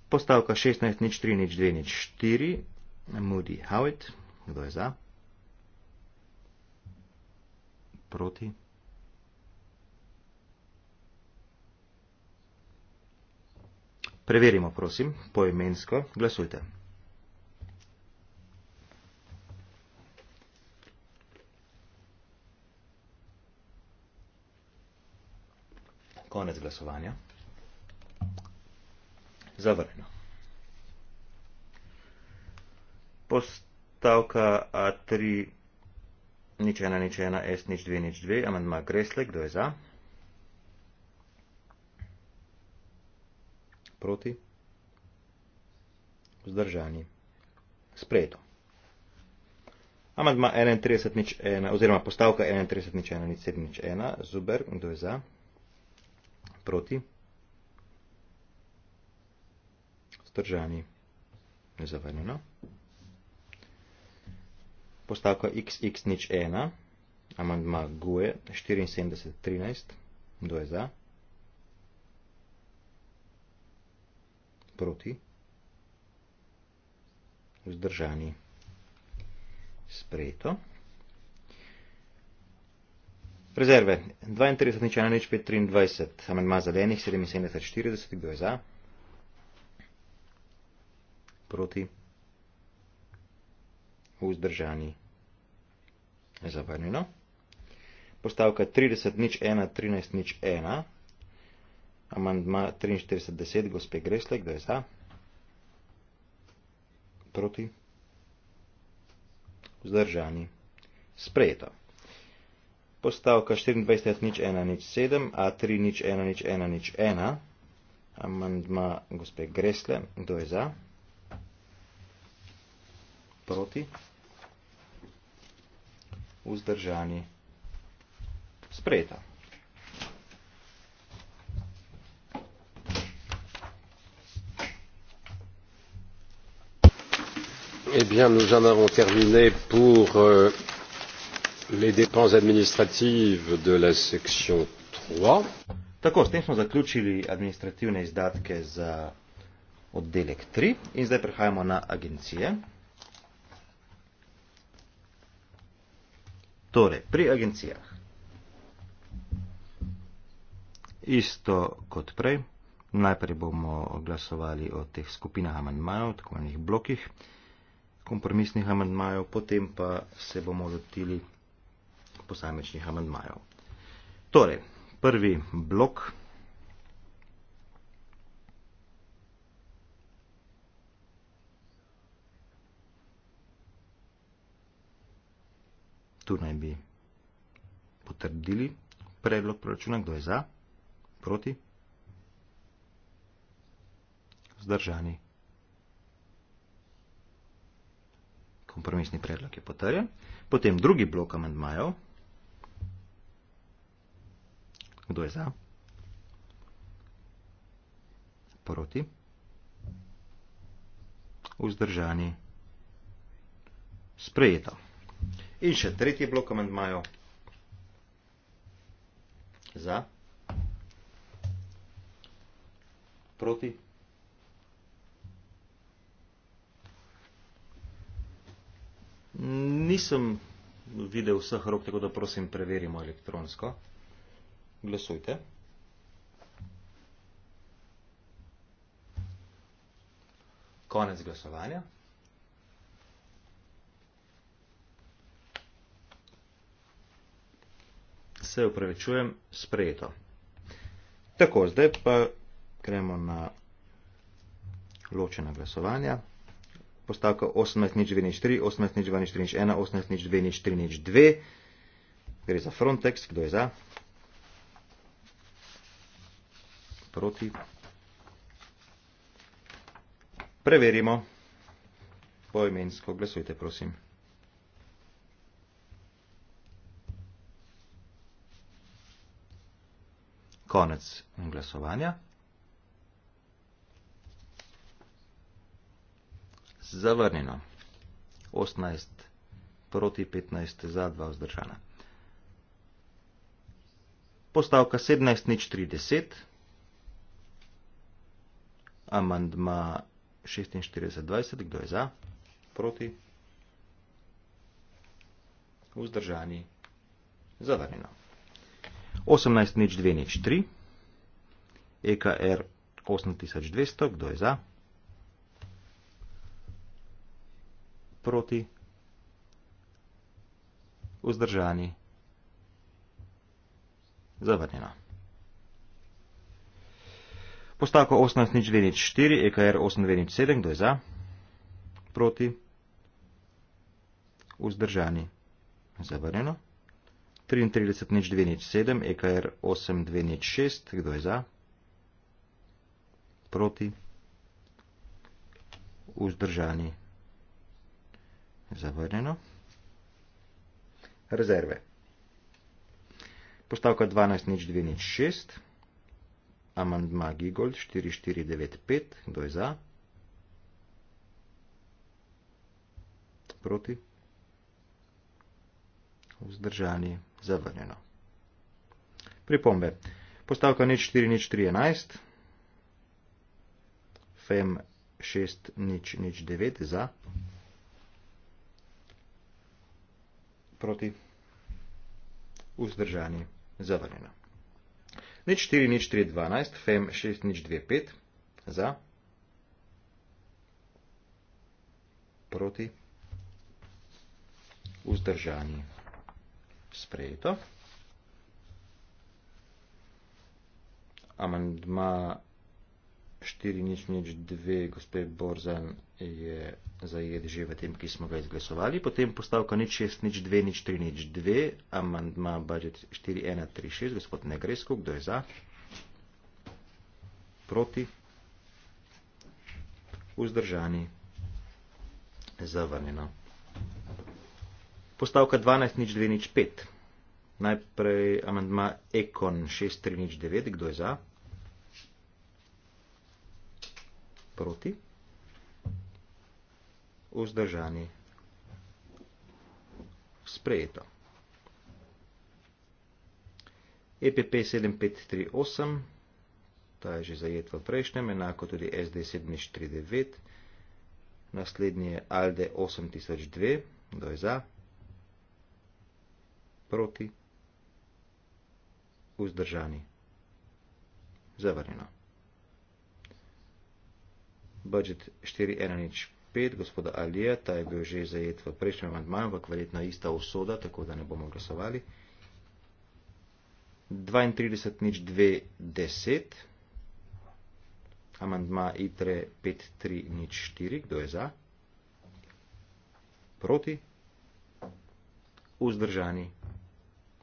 Postavka 16.0.3.0.2.4. Moody Howitt. Kdo je za? Proti. Proti. Preverimo, prosim, poimensko glasujte. Konec glasovanja. Zavrnjeno. Postavka A3, nič ena, nič ena, S, nič dve, nič dve, amandma Gresle, kdo je za? Za. proti, vzdržani, sprejeto. Amadma 31.1 oziroma postavka 31.1.7.1, Zuber, kdo je za, proti, vzdržani, nezavrnjeno. Postavka xx.1, amadma GUE 74.13, kdo je za, proti, vzdržani, nezavrnjeno. proti, vzdržani, sprejeto. Rezerve 32, nič 1, nič 5, 23, amen ima zelenih, 77, 40, kdo je za, proti, vzdržani, zavrnjeno. Postavka 30, nič 1, 13, nič 1. Amandma 43.10, gospe Greslek, da je za. Proti. Vzdržani. Sprejeto. Postavka 24.01.07, A3.01.01. Amandma gospe Gresle, kdo je za? Proti. Vzdržani. Sprejeto. Eh nous en avons terminé pour euh, les dépenses administratives de la section. Tako, s tem smo zaključili administrativne izdatke za oddelek 3 in zdaj prehajamo na agencije. Torej, pri agencijah. Isto kot prej, najprej bomo glasovali o teh skupinah amandmajev, tako imenih blokih kompromisnih amandmajev, potem pa se bomo lotili posamečnih amandmajev. Torej, prvi blok. Tu naj bi potrdili predlog proračuna, kdo je za, proti, zdržani. kompromisni predlog je potrjen. Potem drugi blok amendmajev. Kdo je za? Proti. Vzdržani. Sprejeto. In še tretji blok amendmajev. Za. Proti. Proti. Nisem videl vseh rok, tako da prosim, preverimo elektronsko. Glasujte. Konec glasovanja. Se upravičujem, sprejeto. Tako, zdaj pa gremo na ločena glasovanja postavka 18.02.03, 18.02.03.1, gre za Frontex, kdo je za? Proti. Preverimo. Poimensko glasujte, prosim. Konec glasovanja. zavrnjeno. 18 proti 15 za 2 vzdržana. Postavka 17 nič 30. Amandma 46-20, kdo je za? Proti? Vzdržani? Zavrnjeno. 18 nič 2 nič 3. EKR 8200, kdo je za? Proti? proti vzdržani zavrnjena. Postavko 18 nič 2 nič 4, EKR 8 2 nič 7, kdo je za? Proti. Vzdržani. Zavrnjeno. 33 nič 2 nič 7, EKR 8 2 nič 6, kdo je za? Proti. Vzdržani. Zavrnjeno. Zavrnjeno. Rezerve. Postavka 12026. Amandma Gigold 4495. Kdo je za? Proti. Vzdržani. Zavrnjeno. Pripombe. Postavka 040311. FEM 6009 za. proti, vzdržani, zavrnjeno. Nič 4, nič 3, 12, fem 6, nič 2, 5, za, proti, vzdržani, sprejeto. Amandma 4 nič nič 2 gospe Borzan je zajed že v tem, ki smo ga izglasovali. Potem postavka nič 6 nič 2 nič 3 nič 2, amandma budget 4 1 3 6, gospod Negresko, kdo je za? Proti? Vzdržani? Zavrnjeno. Postavka 12 nič 2 nič 5. Najprej amandma Ekon 6 3 nič 9, kdo je za? proti, vzdržani, sprejeto. EPP 7538, ta je že zajet v prejšnjem, enako tudi SD 749, naslednji je ALDE 8002, kdo je za, proti, vzdržani, zavrnjeno budžet 4105 gospoda Alija, ta je bil že zajet v prejšnjem amandmaju, ampak verjetno ista usoda, tako da ne bomo glasovali. 32 nič 2 10, amandma ITRE 5 3 nič 4, kdo je za? Proti? Vzdržani?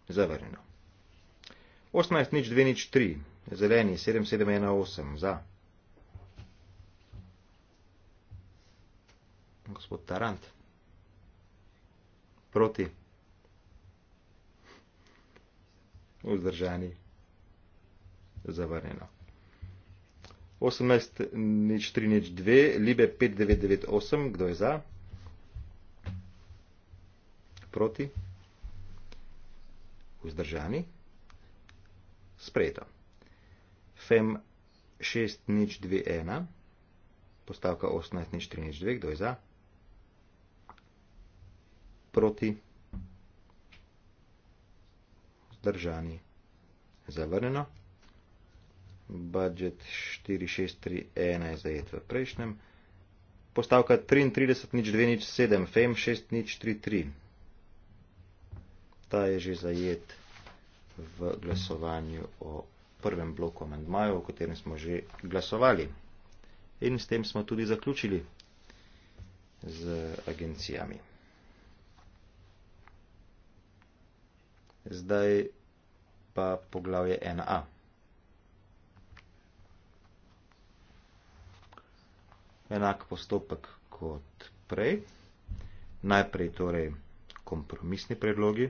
Zavrnjeno. 18 nič 2 nič 3, zeleni 7718, za? gospod Tarant. Proti. Vzdržani. Zavrnjeno. 18 nič 3 nič 2, Libe 5998, kdo je za? Proti. Vzdržani. Sprejeto. Fem 6 nič 2 1, postavka 18 nič 3 nič 2, kdo je za? proti, zdržani, zavrnjeno, budget 4631 je zajet v prejšnjem, postavka 33 nič 2 nič 7, fame 6 nič 3 3, ta je že zajet v glasovanju o prvem bloku amendmajev, o katerem smo že glasovali. In s tem smo tudi zaključili z agencijami. Zdaj pa poglavje 1a. Enak postopek kot prej. Najprej torej kompromisni predlogi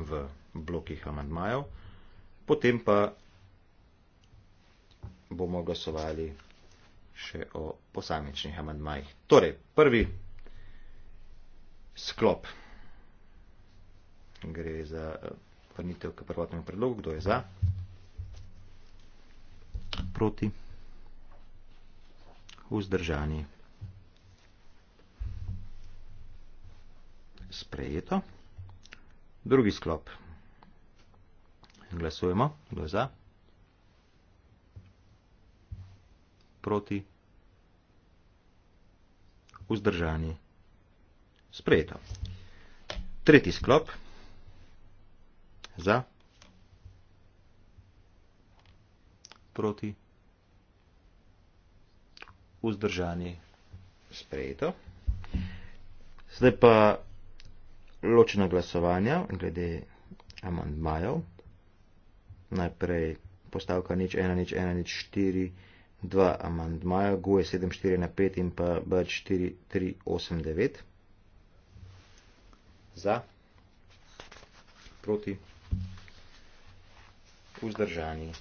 v blokih amandmajev, potem pa bomo glasovali še o posamičnih amandmajih. Torej, prvi sklop gre za eh, vrnitev k prvotnemu predlogu. Kdo je za? Proti? Vzdržani? Sprejeto. Drugi sklop. Glasujemo. Kdo je za? Proti? Vzdržani? Sprejeto. Tretji sklop za, proti, vzdržani, sprejeto. Zdaj pa ločeno glasovanje glede amandmajev. Najprej postavka nič ena, nič ena, nič štiri, dva amandmaja, guje 7, 4 na 5 in pa bač 4, 3, 8, 9. Za, proti, vzdržani, sprejeto vzdržani,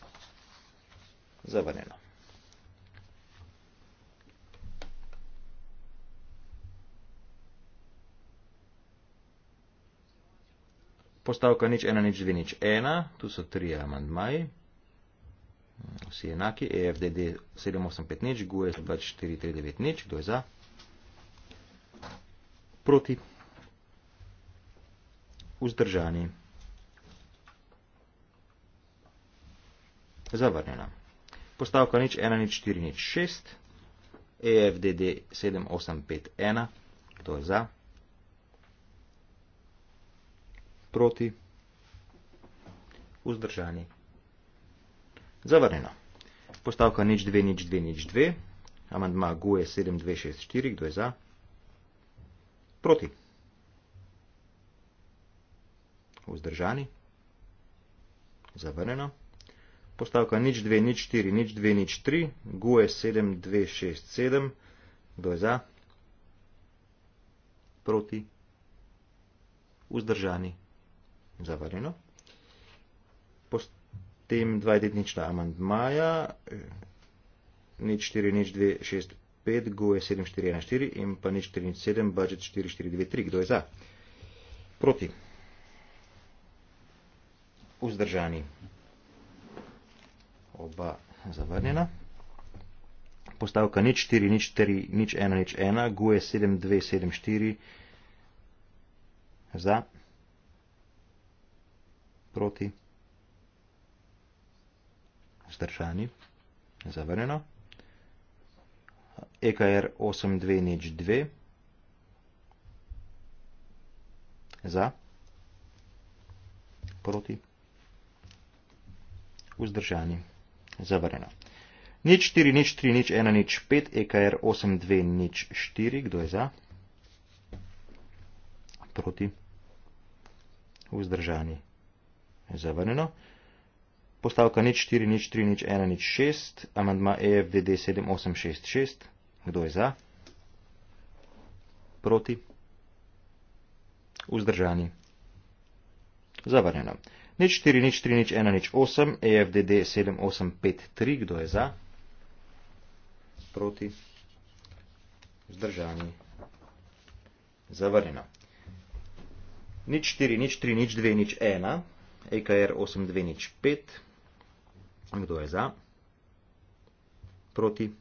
zavrnjeno. Postavka nič ena, nič dve, nič ena, tu so tri amandmaji, vsi enaki, EFDD 7850, GUE 2439, kdo je za? Proti. Vzdržani. zavrnjena. Postavka nič 1, nič 4, nič 6, EFDD 7851, to je za, proti, vzdržani, zavrnjena. Postavka nič 2, nič 2, nič 2, amandma GUE 7264, kdo je za, proti, vzdržani, zavrnjena. E zavrnjena postavka nič dve, nič štiri, nič dve, nič tri, guje sedem, dve, šest, sedem, kdo je za, proti, vzdržani, zavarjeno. Potem dva identična amandmaja, nič štiri, nič dve, šest, pet, guje sedem, štiri, ena, štiri in pa nič štiri, nič sedem, budžet štiri, štiri, dve, tri, kdo je za, proti, vzdržani oba zavrnjena. Postavka nič 4, nič 3, nič 1, nič 1, guje 7, 2, 7, 4, za, proti, zdržani, zavrnjeno. EKR 8, 2, nič 2, za, proti, vzdržani zavrnjeno. Nič 4, nič 3, nič 1, nič 5, EKR 8, 2, nič 4, kdo je za? Proti. Vzdržani. Zavrnjeno. Postavka nič 4, nič 3, nič 1, nič 6, amandma EFDD 7866, kdo je za? Proti. Vzdržani. Zavrnjeno nič štiri, nič tri, nič ena, nič osem, EFDD sedem, osem, pet, tri, kdo je za? Proti? Zdržani? Zavrnjeno. Nič štiri, nič tri, nič dve, nič ena, EKR osem, dve, nič pet, kdo je za? Proti?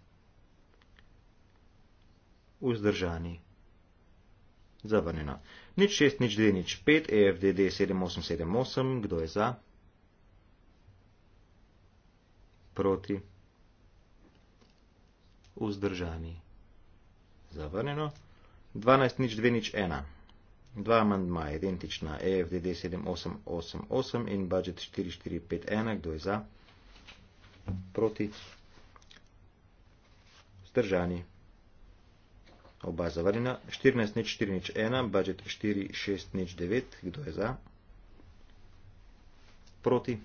Vzdržani? Zavrnjeno. Zavrnjeno. Nič 6, nič 2, nič 5, EFDD 7878, kdo je za? Proti. Vzdržani. Zavrnjeno. 12, nič 2, nič 1. Dva amandma identična, EFDD 7888 in budget 4451, kdo je za? Proti. Vzdržani oba zavrnjena. 14 nič 4 nič 1, budget 4 6 nič 9, kdo je za? Proti?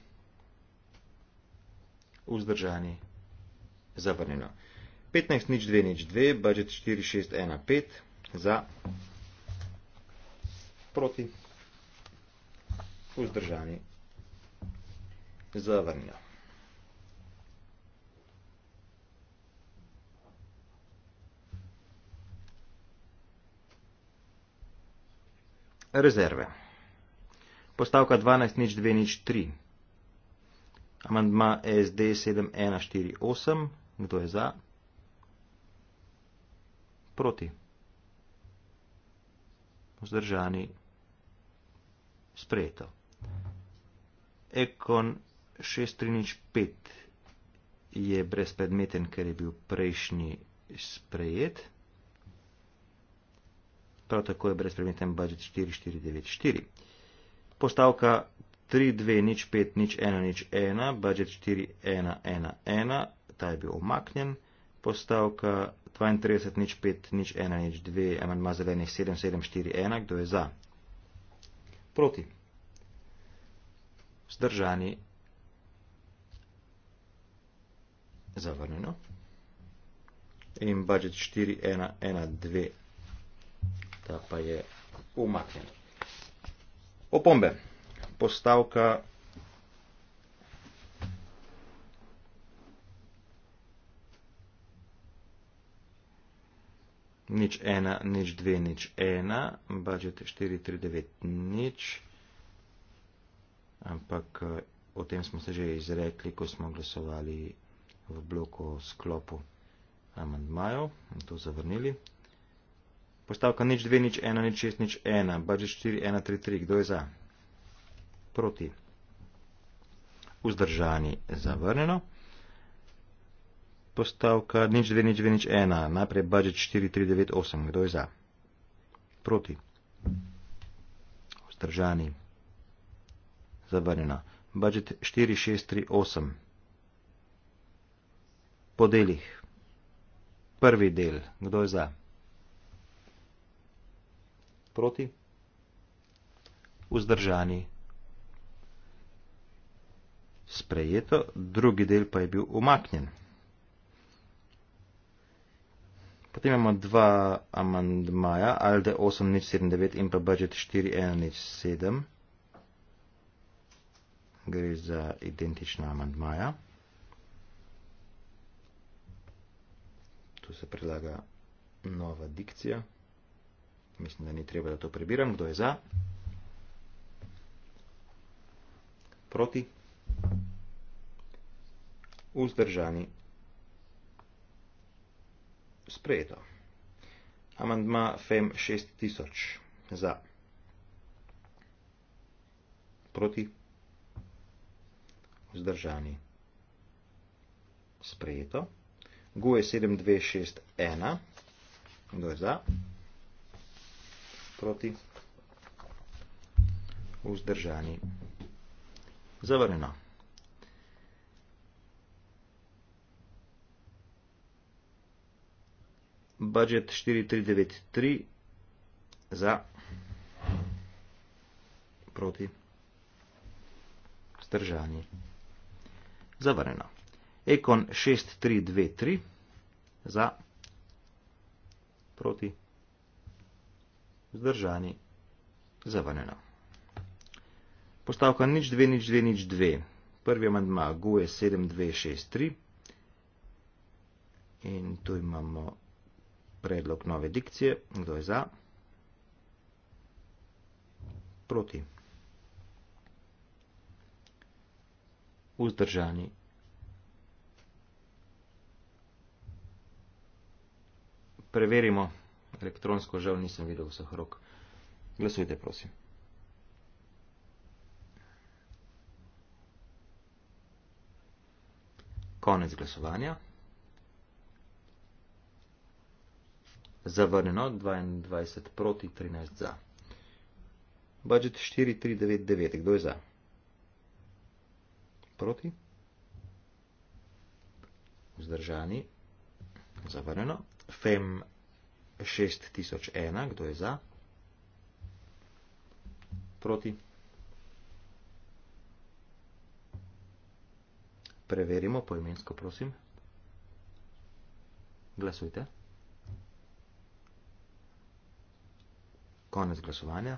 Vzdržani? Zavrnjeno. 15 nič 2 nič 2, budget 4 6 1 5, za? Proti? Vzdržani? Zavrnjeno. Rezerve. Postavka 120203. Amandma SD 7148. Kdo je za? Proti. Vzdržani. Sprejeto. Ekon 6305 je brezpredmeten, ker je bil prejšnji sprejet prav tako je brezpredmeten budžet 4494. Postavka 32050101, budžet 4111, ta je bil omaknjen. Postavka 32050102, amandma zelenih 7741, kdo je za? Proti. Zdržani. Zavrnjeno. In budžet 4112 ta pa je umaknjena. Opombe. Postavka. Nič ena, nič dve, nič ena, budžet 439, nič. Ampak eh, o tem smo se že izrekli, ko smo glasovali v bloku sklopu amandmajev in to zavrnili. Postavka nič dve, nič ena, nič šest, nič ena. Budget 4, 1, 3, 3. Kdo je za? Proti. Vzdržani zavrneno. Postavka nič dve, nič dve, nič ena. Najprej budget 4, 3, 9, 8. Kdo je za? Proti. Vzdržani zavrneno. Budget 4, 6, 3, 8. Po delih. Prvi del. Kdo je za? proti, vzdržani. Sprejeto, drugi del pa je bil umaknjen. Potem imamo dva amandmaja, ALDE 8.079 in pa budžet 4.1.7. Gre za identična amandmaja. Tu se predlaga nova dikcija. Mislim, da ni treba, da to prebiram. Kdo je za? Proti? Vzdržani? Sprejeto. Amandma FEM 6000 za. Proti? Vzdržani? Sprejeto. GUE 7261. Kdo je za? Proti. Vzdržani. Zavrneno. Budget 4.3.9.3. Za. Proti. Vzdržani. Zavrneno. Ekon 6.3.2.3. Za. Proti. Proti zdržani, zavrnjeno. Postavka nič dve, nič dve, nič dve. Prvi amandma GUE 7263 in tu imamo predlog nove dikcije. Kdo je za? Proti. Vzdržani. Preverimo elektronsko žal nisem videl vseh rok. Glasujte, prosim. Konec glasovanja. Zavrneno 22 proti 13 za. Budget 4399. Kdo je za? Proti? Vzdržani. Zavrneno. FEM 6001, kdo je za? Proti? Preverimo poimensko, prosim. Glasujte. Konec glasovanja.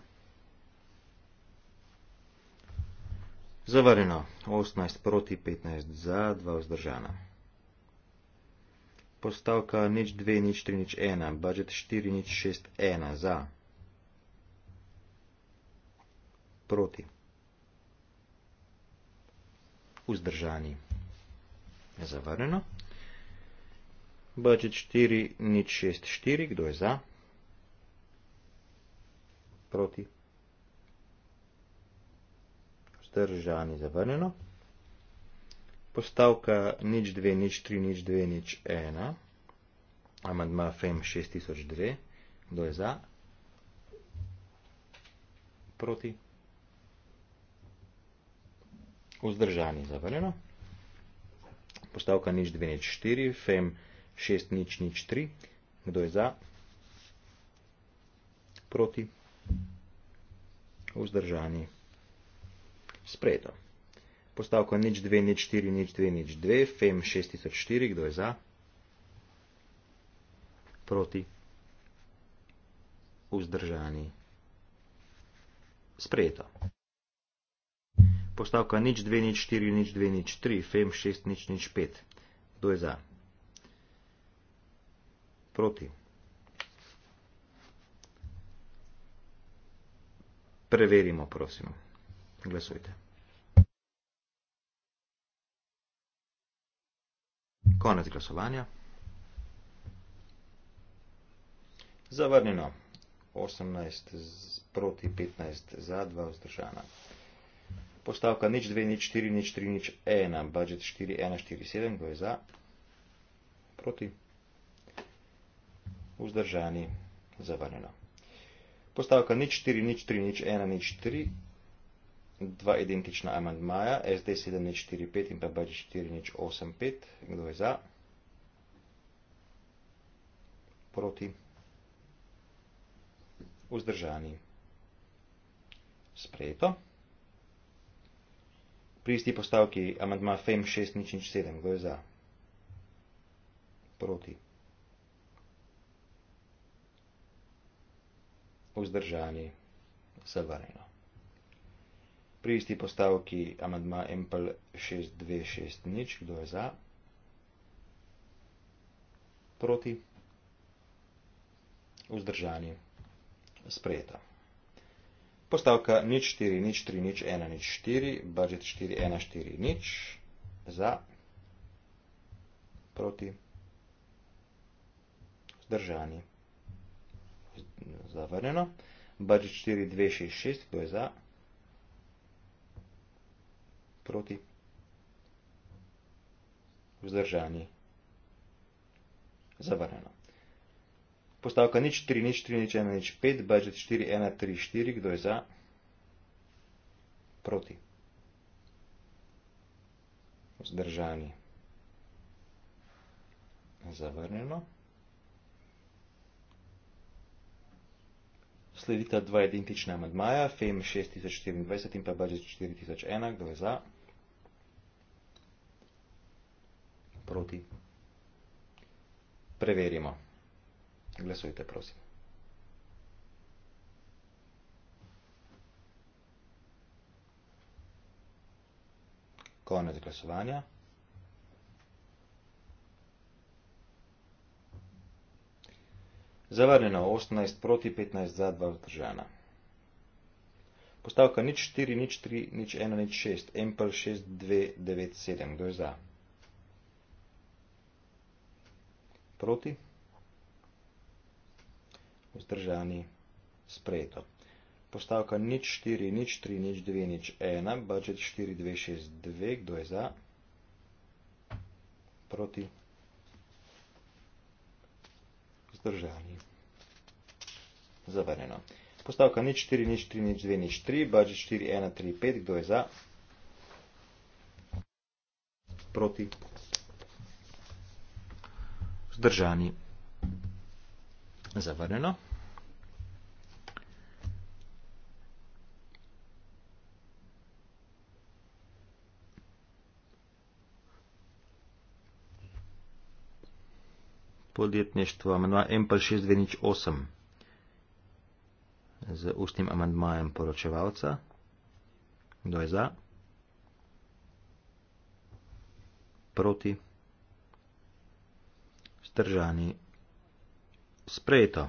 Zavarjeno. 18 proti, 15 za, 2 vzdržana postavka nič dve, nič tri, nič ena, budžet štiri, nič šest, ena, za. Proti. Vzdržani. Zavrnjeno. Budžet štiri, nič šest, štiri, kdo je za? Proti. Vzdržani, zavrnjeno. Zavrnjeno postavka nič dve, nič tri, nič dve, nič ena, amandma FEM 6002, kdo je za, proti, vzdržani, zavrljeno, postavka nič dve, nič štiri, FEM 6 nič nič tri, kdo je za, proti, vzdržani, sprejeto postavko nič 2, nič 4, nič 2, nič 2, fem 6004, kdo je za? Proti. Vzdržani. Sprejeto. Postavka nič 2, nič 4, nič 2, nič 3, fem 6, nič, nič 5. Kdo je za? Proti. Preverimo, prosimo. Glasujte. Konec glasovanja. Zavrnjeno. 18 proti 15 za 2 vzdržana. Postavka nič 2, nič 4, nič 3, nič 1. Budget 4, 1, 4, 7. Kdo je za? Proti. Vzdržani. Zavrnjeno. Postavka nič 4, nič 3, nič 1, nič 3 dva identična amandmaja, SD 745 in pa BD 4085. Kdo je za? Proti? Vzdržani? Sprejeto. Pri isti postavki amandma FEM e 6007. Kdo je za? Proti? Vzdržani? Zavarjeno pri isti postavki amadma Empel 626 nič, kdo je za, proti, vzdržani, sprejeta. Postavka nič 4, nič 3, nič 1, nič 4, budžet 4, 1, 4, nič, za, proti, vzdržani, zavrnjeno. Budžet 4266, kdo je za? proti vzdržani. Zavarjeno. Postavka nič 3, nič 3, nič 1, nič 5, budget 4, 1, 3, 4, kdo je za? Proti. Vzdržani. Zavrnjeno. Sledita dva identična amadmaja, FEM 6024 in pa budget 4001, kdo je za? Proti. proti. Preverimo. Glasujte, prosim. Konec glasovanja. Zavrnjeno 18 proti 15 za 2 vzdržana. Postavka nič 4, nič 3, nič 1, nič 6. Empel 6, 2, 9, 7. Kdo je za? proti, vzdržani, sprejeto. Postavka nič 4, nič 3, nič 2, nič 1, budžet 4, 2, 6, 2, kdo je za, proti, vzdržani, zavrneno. Postavka nič 4, nič 3, nič 2, nič 3, budžet 4, 1, 3, 5, kdo je za, proti, vzdržani vzdržani. Zavrneno. Podjetništvo amandma MPL 6208 z ustnim amandmajem poročevalca. Kdo je za? Proti vzdržani. Sprejeto.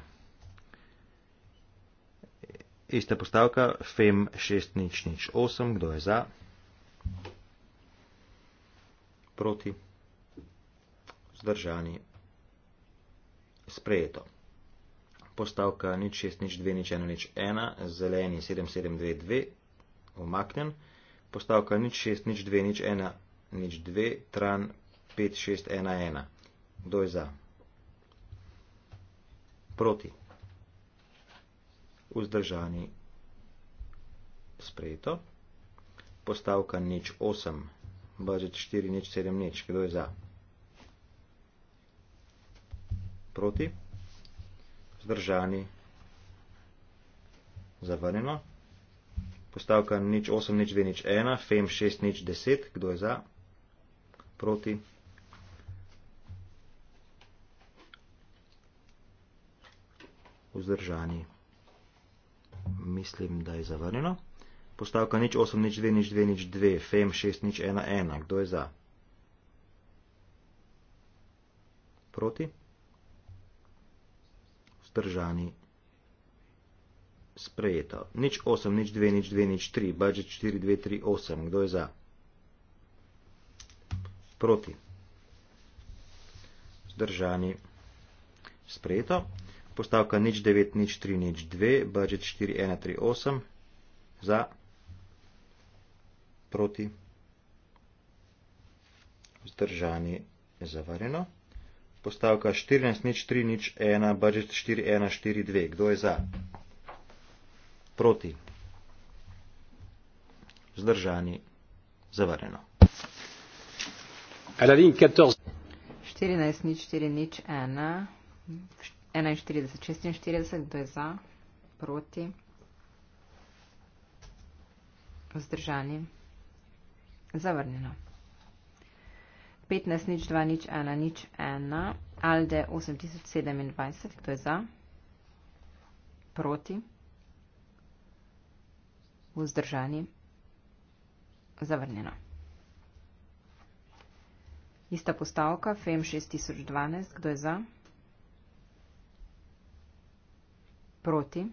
Ista postavka FEM e 6008, kdo je za? Proti. Vzdržani. Sprejeto. Postavka 060201, zeleni 7722, omaknjen. Postavka 060201, 02, tran 5611. Kdo je za? Proti. Vzdržani. Sprejeto. Postavka nič 8, budžet 4, nič 7, nič. Kdo je za? Proti. Vzdržani. Zavrnjeno. Postavka nič 8, nič 2, nič 1, FEM 6, nič 10. Kdo je za? Proti. vzdržani. Mislim, da je zavrnjeno. Postavka nič 8, nič 2, nič 2, nič 2, fem 6, nič 1, 1. Kdo je za? Proti? Vzdržani. Sprejeto. Nič 8, nič 2, nič 2, nič 3. Budget 4, 2, 3, 8. Kdo je za? Proti. Vzdržani. Sprejeto postavka nič devet nič tri nič dve, budžet štiri ena tri osem, za, proti, vzdržani, zavarjeno. Postavka 14 nič 3 nič 1, budžet 4 1 4 2. Kdo je za? Proti. Zdržani. Zavarjeno. 14 nič 4 nič 1, 41, 46, to je za, proti, vzdržani, zavrnjeno. 15, nič, 2, nič, 1, nič, 1, ALDE 8027, kdo je za, proti, vzdržani, zavrnjeno. Ista postavka, FEM 6012, kdo je za, proti, vzdržani, zavrnjeno. proti,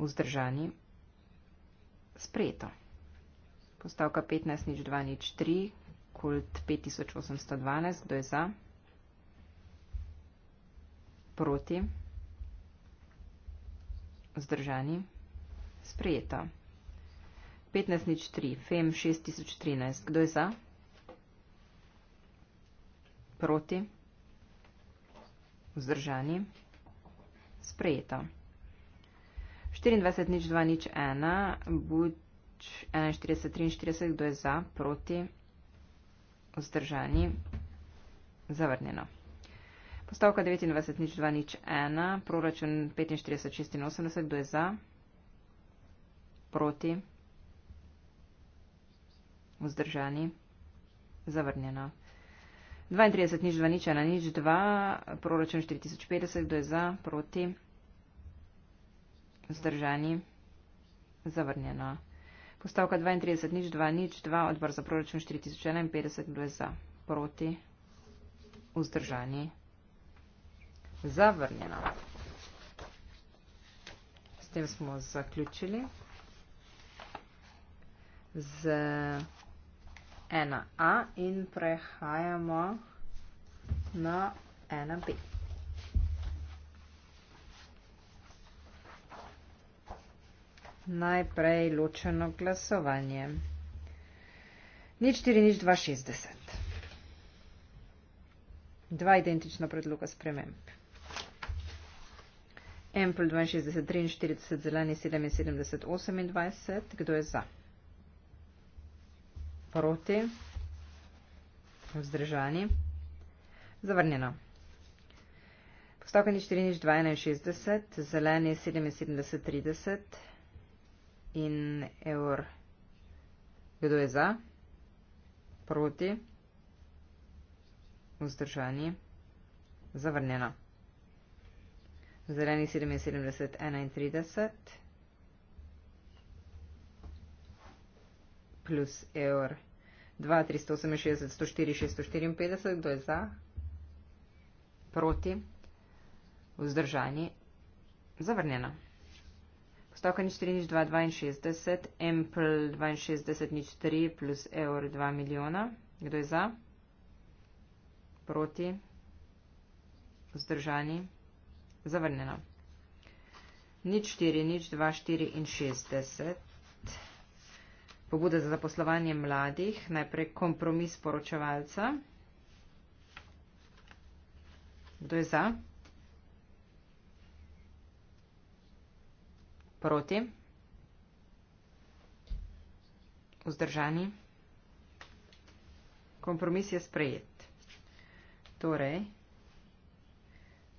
vzdržani, sprejeto. Postavka 15 nič 2 nič 3, kult 5812, kdo je za, proti, vzdržani, sprejeto. 15 nič 3, fem 6013, kdo je za, proti, vzdržani, sprejeto sprejeta. 24 nič 2 nič 1, buč 41 43, kdo je za, proti, vzdržani, zavrnjeno. Postavka 29 nič 2 nič 1, proračun 45 86, kdo je za, proti, vzdržani, zavrnjeno. 32 nič 2 nič 1 nič 2, proračun 4050, kdo je za, proti, zdržani, zavrnjeno. Postavka 32 nič 2 nič 2, odbor za proračun 4051, kdo je za, proti, vzdržani, zavrnjeno. S tem smo zaključili. Z... 1a in prehajamo na 1b. Najprej ločeno glasovanje. Nič 4, nič 2, 60. Dva identična predloga sprememb. M plus 62, 43, zeleni 77, 28. Kdo je za? proti, vzdržani, zavrnjeno. Postavkani 4 nič 62, zeleni 77, 30 in evr, kdo je za, proti, vzdržani, zavrnjeno. Zeleni 77, 31. plus evr 2.368.104.654, kdo je za, proti, vzdržani, zavrnjena. Postavka nič 3, nič 2, 62, empl 62, nič 3, plus evr 2 milijona, kdo je za, proti, vzdržani, zavrnjena. Nič 4, nič 2, 64 pobude za zaposlovanje mladih, najprej kompromis poročevalca. Kdo je za? Proti? Vzdržani? Kompromis je sprejet. Torej,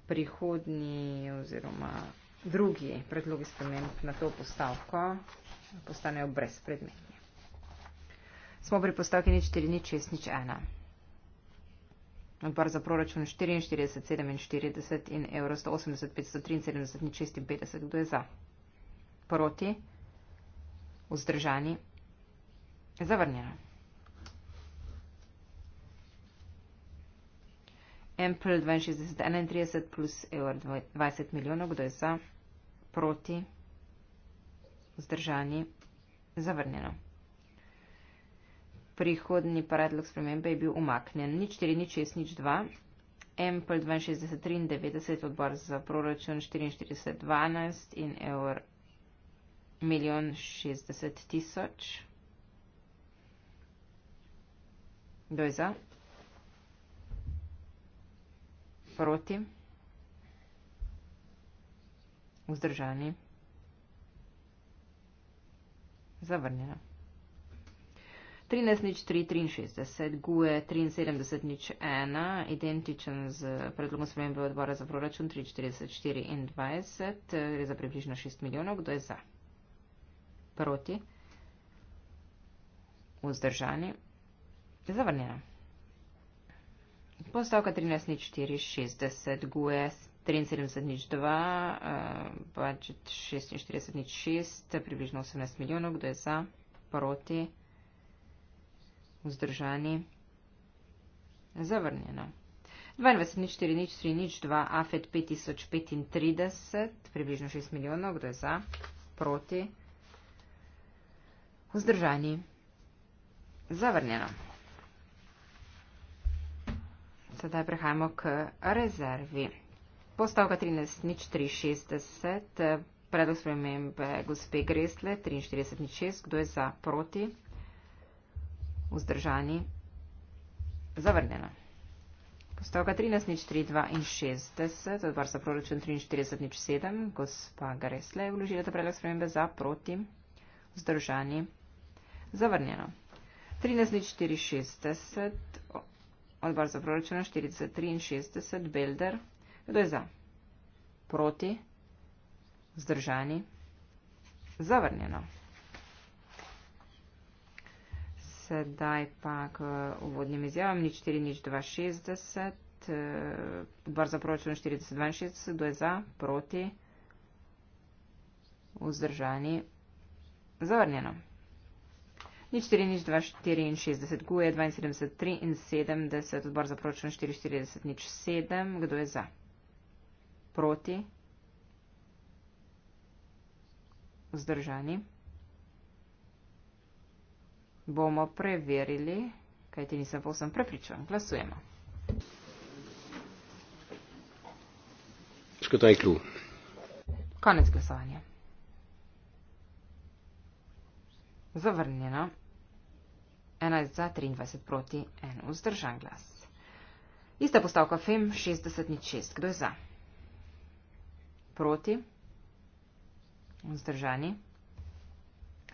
prihodni oziroma drugi predlogi sprememb na to postavko postanejo brezpredmetni. Smo pri postavki nič 4, nič 6, nič 1. Odbor za proračun 44, 47 in evro 180, 573, nič 56. Kdo je za? Proti? Vzdržani? Zavrnjeno. Ampel 62, 31 plus evro 20 milijonov. Kdo je za? Proti? Vzdržani? Zavrnjeno prihodni predlog spremembe je bil umaknjen. Nič 4, nič 6, nič 2. MPL 62, 93, odbor za proračun 44, 12 in evr milijon 60 tisoč. Kdo je za? Proti? Vzdržani? Zavrnjeno. 13.03.63, GUE 73.01, identičen z predlogom spremembe odbora za proračun 3.44.24, gre za približno 6 milijonov. Kdo je za? Proti? Vzdržani? Zavrnjena. Postavka 13.04.60, GUE 73.02, budžet 46.06, približno 18 milijonov. Kdo je za? Proti? vzdržani. Zavrnjeno. 22.04.03.2 AFET 5035, približno 6 milijonov, kdo je za, proti, vzdržani, zavrnjeno. Sedaj prehajamo k rezervi. Postavka 13.03.60, predlog spremembe gospe Gresle, 43.06, kdo je za, proti vzdržani, zavrnjena. Postavka 13, nič 3, 2 in 60, odbor za proračun 43, nič 7, gospa Gresle je vložila ta predlog spremembe za proti, vzdržani, zavrnjeno. 13, nič 4, 60, odbor za proračun 43 in 60, Belder, kdo je za? Proti, vzdržani, zavrnjeno. sedaj pa k uvodnim izjavam. Nič 4, nič 260. Eh, odbor za proračun 462, kdo je za, proti, vzdržani, zavrnjeno. Nič 4, nič 2, 64, guje 72, 73, odbor za proračun 440, nič 7, kdo je za, proti, vzdržani bomo preverili, kaj ti nisem povsem prepričan. Glasujemo. Škotaj klub. Konec glasovanja. Zavrnjeno. 11 za, 23 proti, 1 vzdržan glas. Ista postavka FEM 60 nič 6. Kdo je za? Proti. Vzdržani.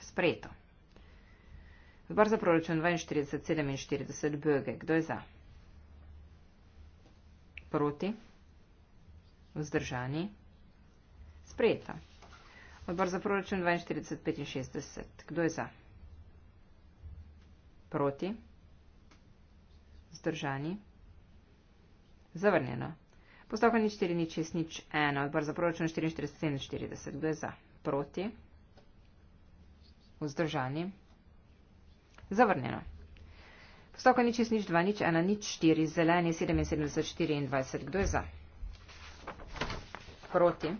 Sprejeto. Odbor za proračun 42-47 BG. Kdo je za? Proti? Vzdržani? Sprejeta. Odbor za proračun 42-65. Kdo je za? Proti? Vzdržani? Zavrnjeno. Postavka nič 4, nič 6, nič 1. Odbor za proračun 44-47. Kdo je za? Proti? Vzdržani? Zavrnjeno. Zavrnjeno. Postavka nič, nič, dva, nič, ena, nič, štiri, zeleni, 77, 24. Kdo je za? Proti.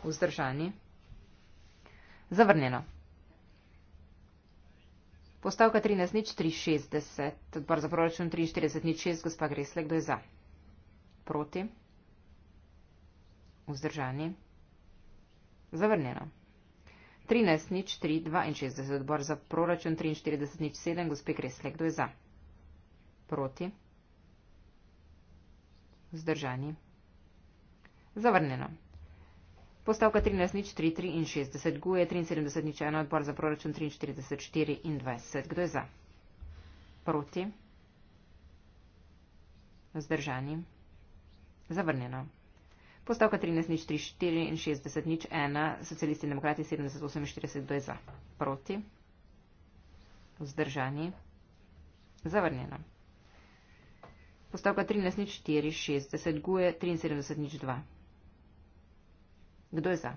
Vzdržani. Zavrnjeno. Postavka 13, nič, 360. Odbor za proračun 43, nič, 6. Gospa Gresle, kdo je za? Proti. Vzdržani. Zavrnjeno. 13 nič 3 62 odbor za proračun 43 nič 7 gospe Kresle, kdo je za? Proti? Vzdržani? Zavrnjeno. Postavka 13 nič 3 63 guje 73 nič 1 odbor za proračun 43 24 kdo je za? Proti? Vzdržani? Zavrnjeno. Postavka 13.03.64.01, socialisti in demokrati 78.42 za. Proti. Vzdržani. Zavrnjeno. Postavka 13.04.60, guje 73.02. Kdo je za?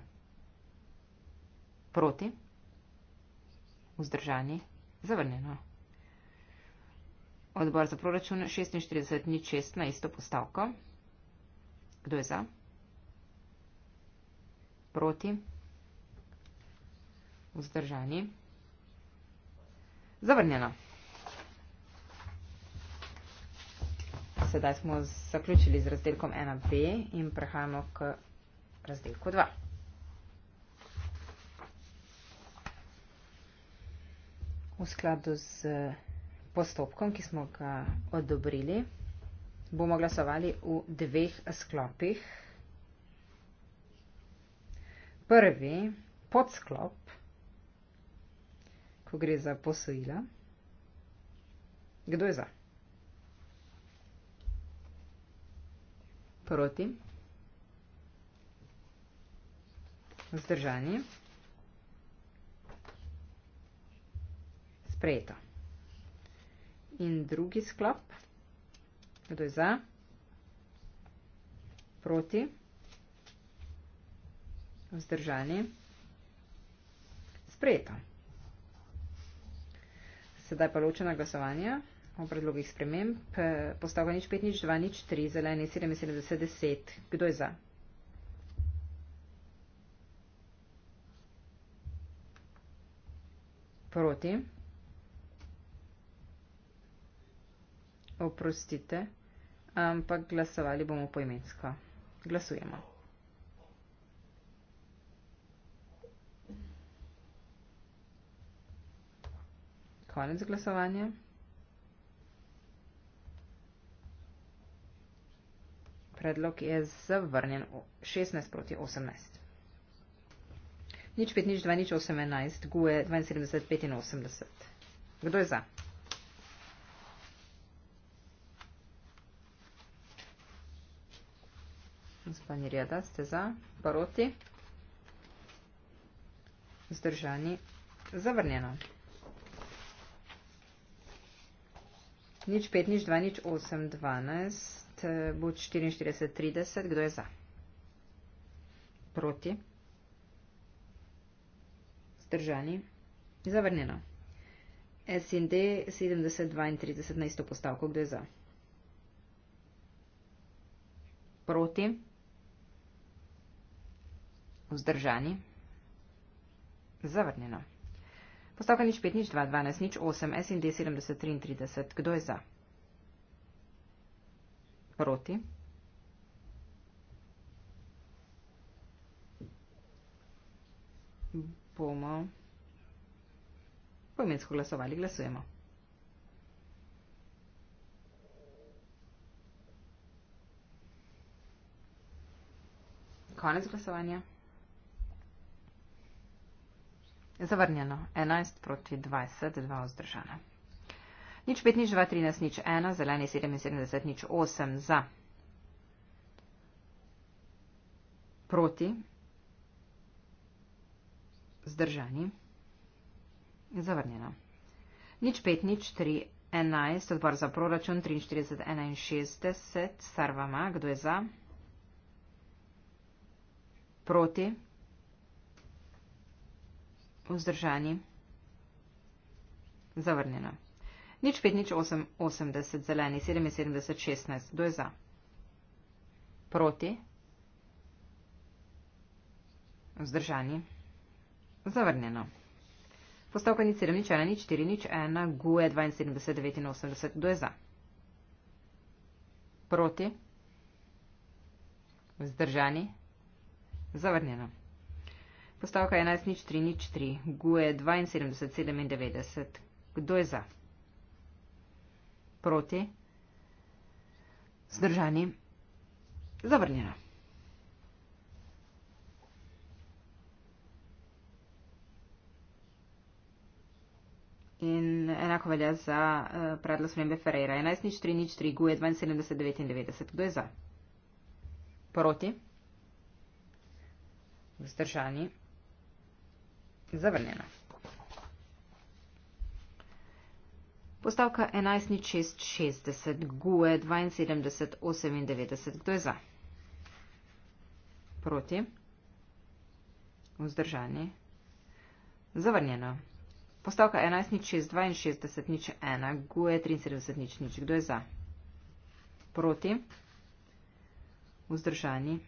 Proti. Vzdržani. Zavrnjeno. Odbor za proračun 46.06 na isto postavko. Kdo je za? Proti proti, vzdržani, zavrnjeno. Sedaj smo zaključili z razdelkom 1b in prehajamo k razdelku 2. V skladu z postopkom, ki smo ga odobrili, bomo glasovali v dveh sklopih prvi podsklop, ko gre za posojila. Kdo je za? Proti. Zdržani. Sprejeto. In drugi sklop. Kdo je za? Proti. Proti vzdržani. Sprejeto. Sedaj pa ločena glasovanja o predlogih sprememb. Postavka nič 5, nič 2, nič 3, zeleni 77, 10. Kdo je za? Proti. Oprostite, ampak glasovali bomo poimensko. Glasujemo. Konec glasovanja. Predlog je zavrnjen 16 proti 18. Nič 5, nič 2, nič 18, GUE 72, 85. Kdo je za? Gospodin Rjada, ste za? Proti? Zdržani? Zavrnjeno. Nič 5, nič 2, nič 8, 12, buč 44, 30, kdo je za? Proti? Zdržani? Zavrnjeno. SND 70, 32 na isto postavko, kdo je za? Proti? Vzdržani? Zavrnjeno. Postavka nič pet, nič dva, dvanajst, nič osem, SND sedemdeset triintrideset. Kdo je za? Proti? Bomo poimensko glasovali. Glasujemo. Konec glasovanja. Zavrnjeno. 11 proti 20, 2 vzdržana. Nič 5, nič 2, 13, nič 1, zeleni 77, nič 8 za. Proti. Zdržani. Zavrnjeno. Nič 5, nič 3, 11, odbor za proračun 43, 61, sarvama, kdo je za? Proti vzdržani. Zavrnjeno. Nič 5, nič 8, 80, zeleni, 77, 16, kdo je za? Proti? Vzdržani. Zavrnjeno. Postavka ni 7, nič 1, nič 4, nič 1, guje 72, 89, kdo je za? Proti? Vzdržani? Zavrnjeno. Postavka 11303, GUE 7297. Kdo je za? Proti? Zdržani? Zavrnjena. In enako velja za uh, predlog spremembe Ferreira. 11303, GUE 7299. Kdo je za? Proti? Zdržani? zavrnjena. Postavka 11660, GUE 7298, kdo je za? Proti? Vzdržani? Zavrnjena. Postavka 11662, nič 1, GUE 73, nič, nič, kdo je za? Proti? Vzdržani?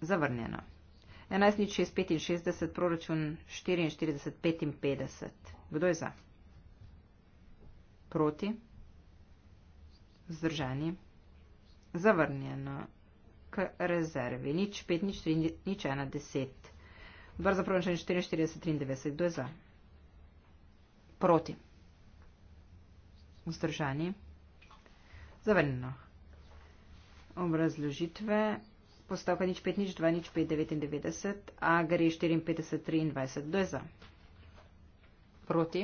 Zavrnjena. 11.665, proračun 44.55. Kdo je za? Proti? Zdržani? Zavrnjeno? K rezervi? Nič 5, nič 3, nič 1, 10. Odbor za proračun 44.93. Kdo je za? Proti? Zdržani? Zavrnjeno? Obrazložitve postavka nič pet nič dva nič pet devetindevetdeset a gre štiriinpetdeset triindvajset kdo je za proti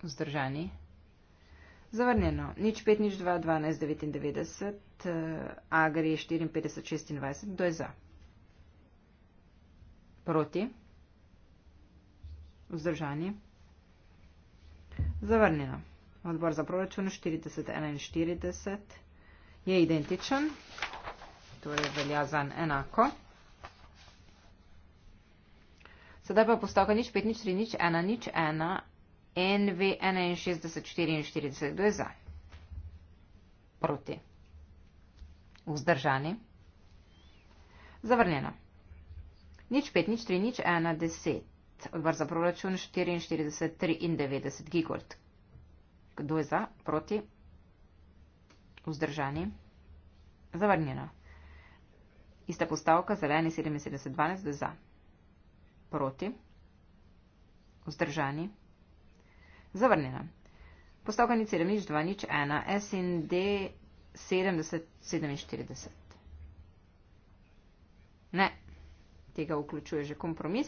vzdržani zavrnjeno nič pet nič dva dvanajst devetindevetdeset a gre štiriinpetdeset šestindvajset kdo je za proti vzdržani zavrnjeno odbor za proračun štirideset enainštirideset je identičen torej velja za enako. Sedaj pa postavka nič, pet, nič, tri, nič, ena, nič, ena, NV 61, 44, kdo je za? Proti. Vzdržani. Zavrnjeno. Nič, pet, nič, tri, nič, ena, deset. Odbor za proračun 44, 93 gigolt. Kdo je za? Proti. Vzdržani. Zavrnjeno. Ista postavka zeleni 7712 do za. Proti. Vzdržani. Zavrnjena. Postavka ni 7201, S in D 7047. Ne, tega vključuje že kompromis.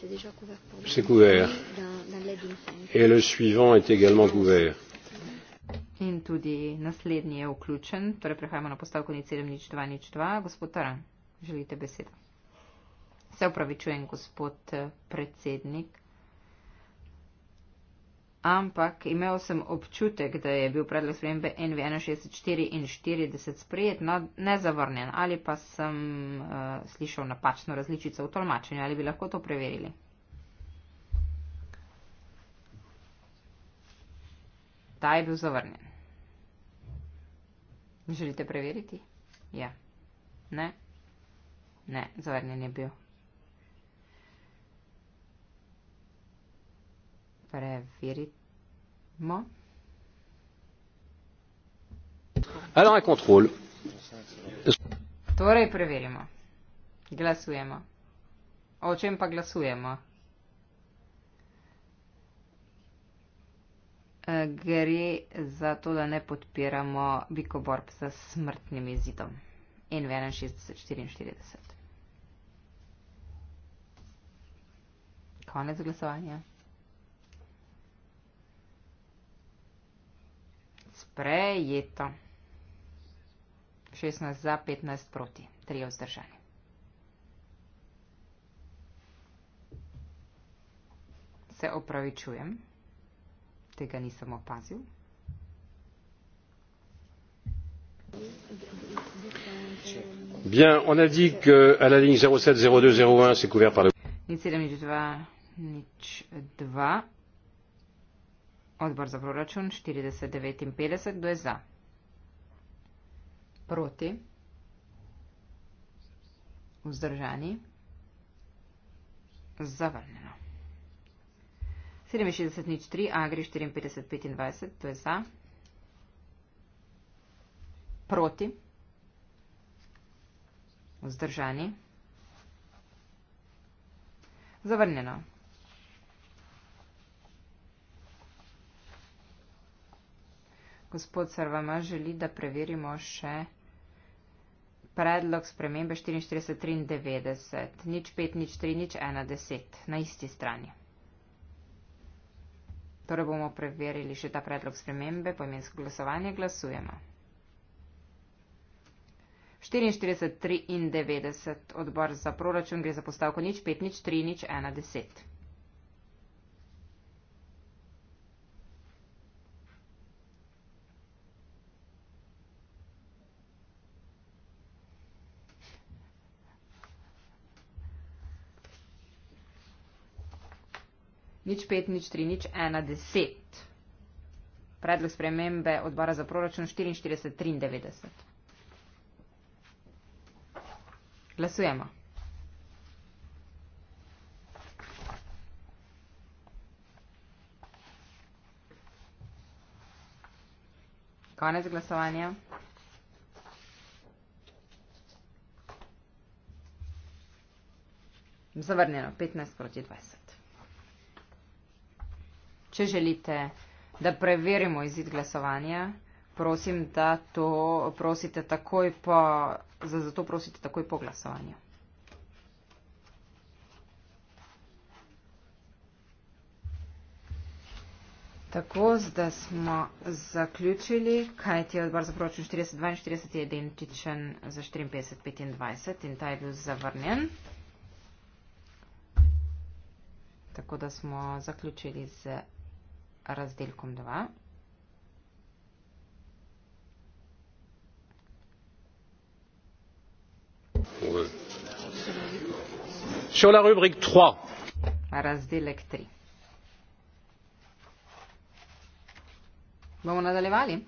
C'est déjà couvert pour C'est couvert. Dans, dans Et le suivant est également couvert in tudi naslednji je vključen. Torej prehajamo na postavko 07202. Gospod Taran, želite besedo? Se upravičujem, gospod eh, predsednik. Ampak imel sem občutek, da je bil predlog spremembe NV 164 in 40 sprejet, no, nezavrnjen. Ali pa sem uh, slišal napačno različico v tolmačenju, ali bi lahko to preverili? Ta je bil zavrnjen. Želite preveriti? Ja. Ne? Ne, zavrnjen je bil. Preverimo. Alors, un contrôle. Torej, preverimo. Glasujemo. O čem pa glasujemo? gre za to, da ne podpiramo bikoborb za smrtnim izidom. In v 1644. Konec glasovanja. Sprejeto. 16 za, 15 proti. 3 vzdržani. Se opravičujem tega nisem opazil. Bien, on a dit que à la ligne 070201 c'est couvert par le. Odbor za proračun 4959, kdo je za? Proti? Vzdržani? Zavrnjeno. 67 nič 3, Agri 54 25, to je za. Proti. Vzdržani. Zavrnjeno. Gospod Sarvama želi, da preverimo še predlog spremembe 44.93, nič 5, nič 3, nič 1, 10 na isti strani. Torej bomo preverili še ta predlog spremembe poimensko glasovanje. Glasujemo. 44.93 odbor za proračun gre za postavko nič 5, nič 3, nič 1, 10. nič pet, nič tri, nič ena, deset. Predlog spremembe odbora za proračun 44-93. Glasujemo. Konec glasovanja. Zavrnjeno 15 proti 20. Če želite, da preverimo izid glasovanja, prosim, da to prosite takoj po, zato prosite takoj po glasovanju. Tako, da smo zaključili, kaj ti je odbor za proračun 42 je identičen za 54-25 in ta je bil zavrnjen. Tako da smo zaključili z разделком 2. Sur la rubrique 3. Разделек 3. Vamo nadaljevali?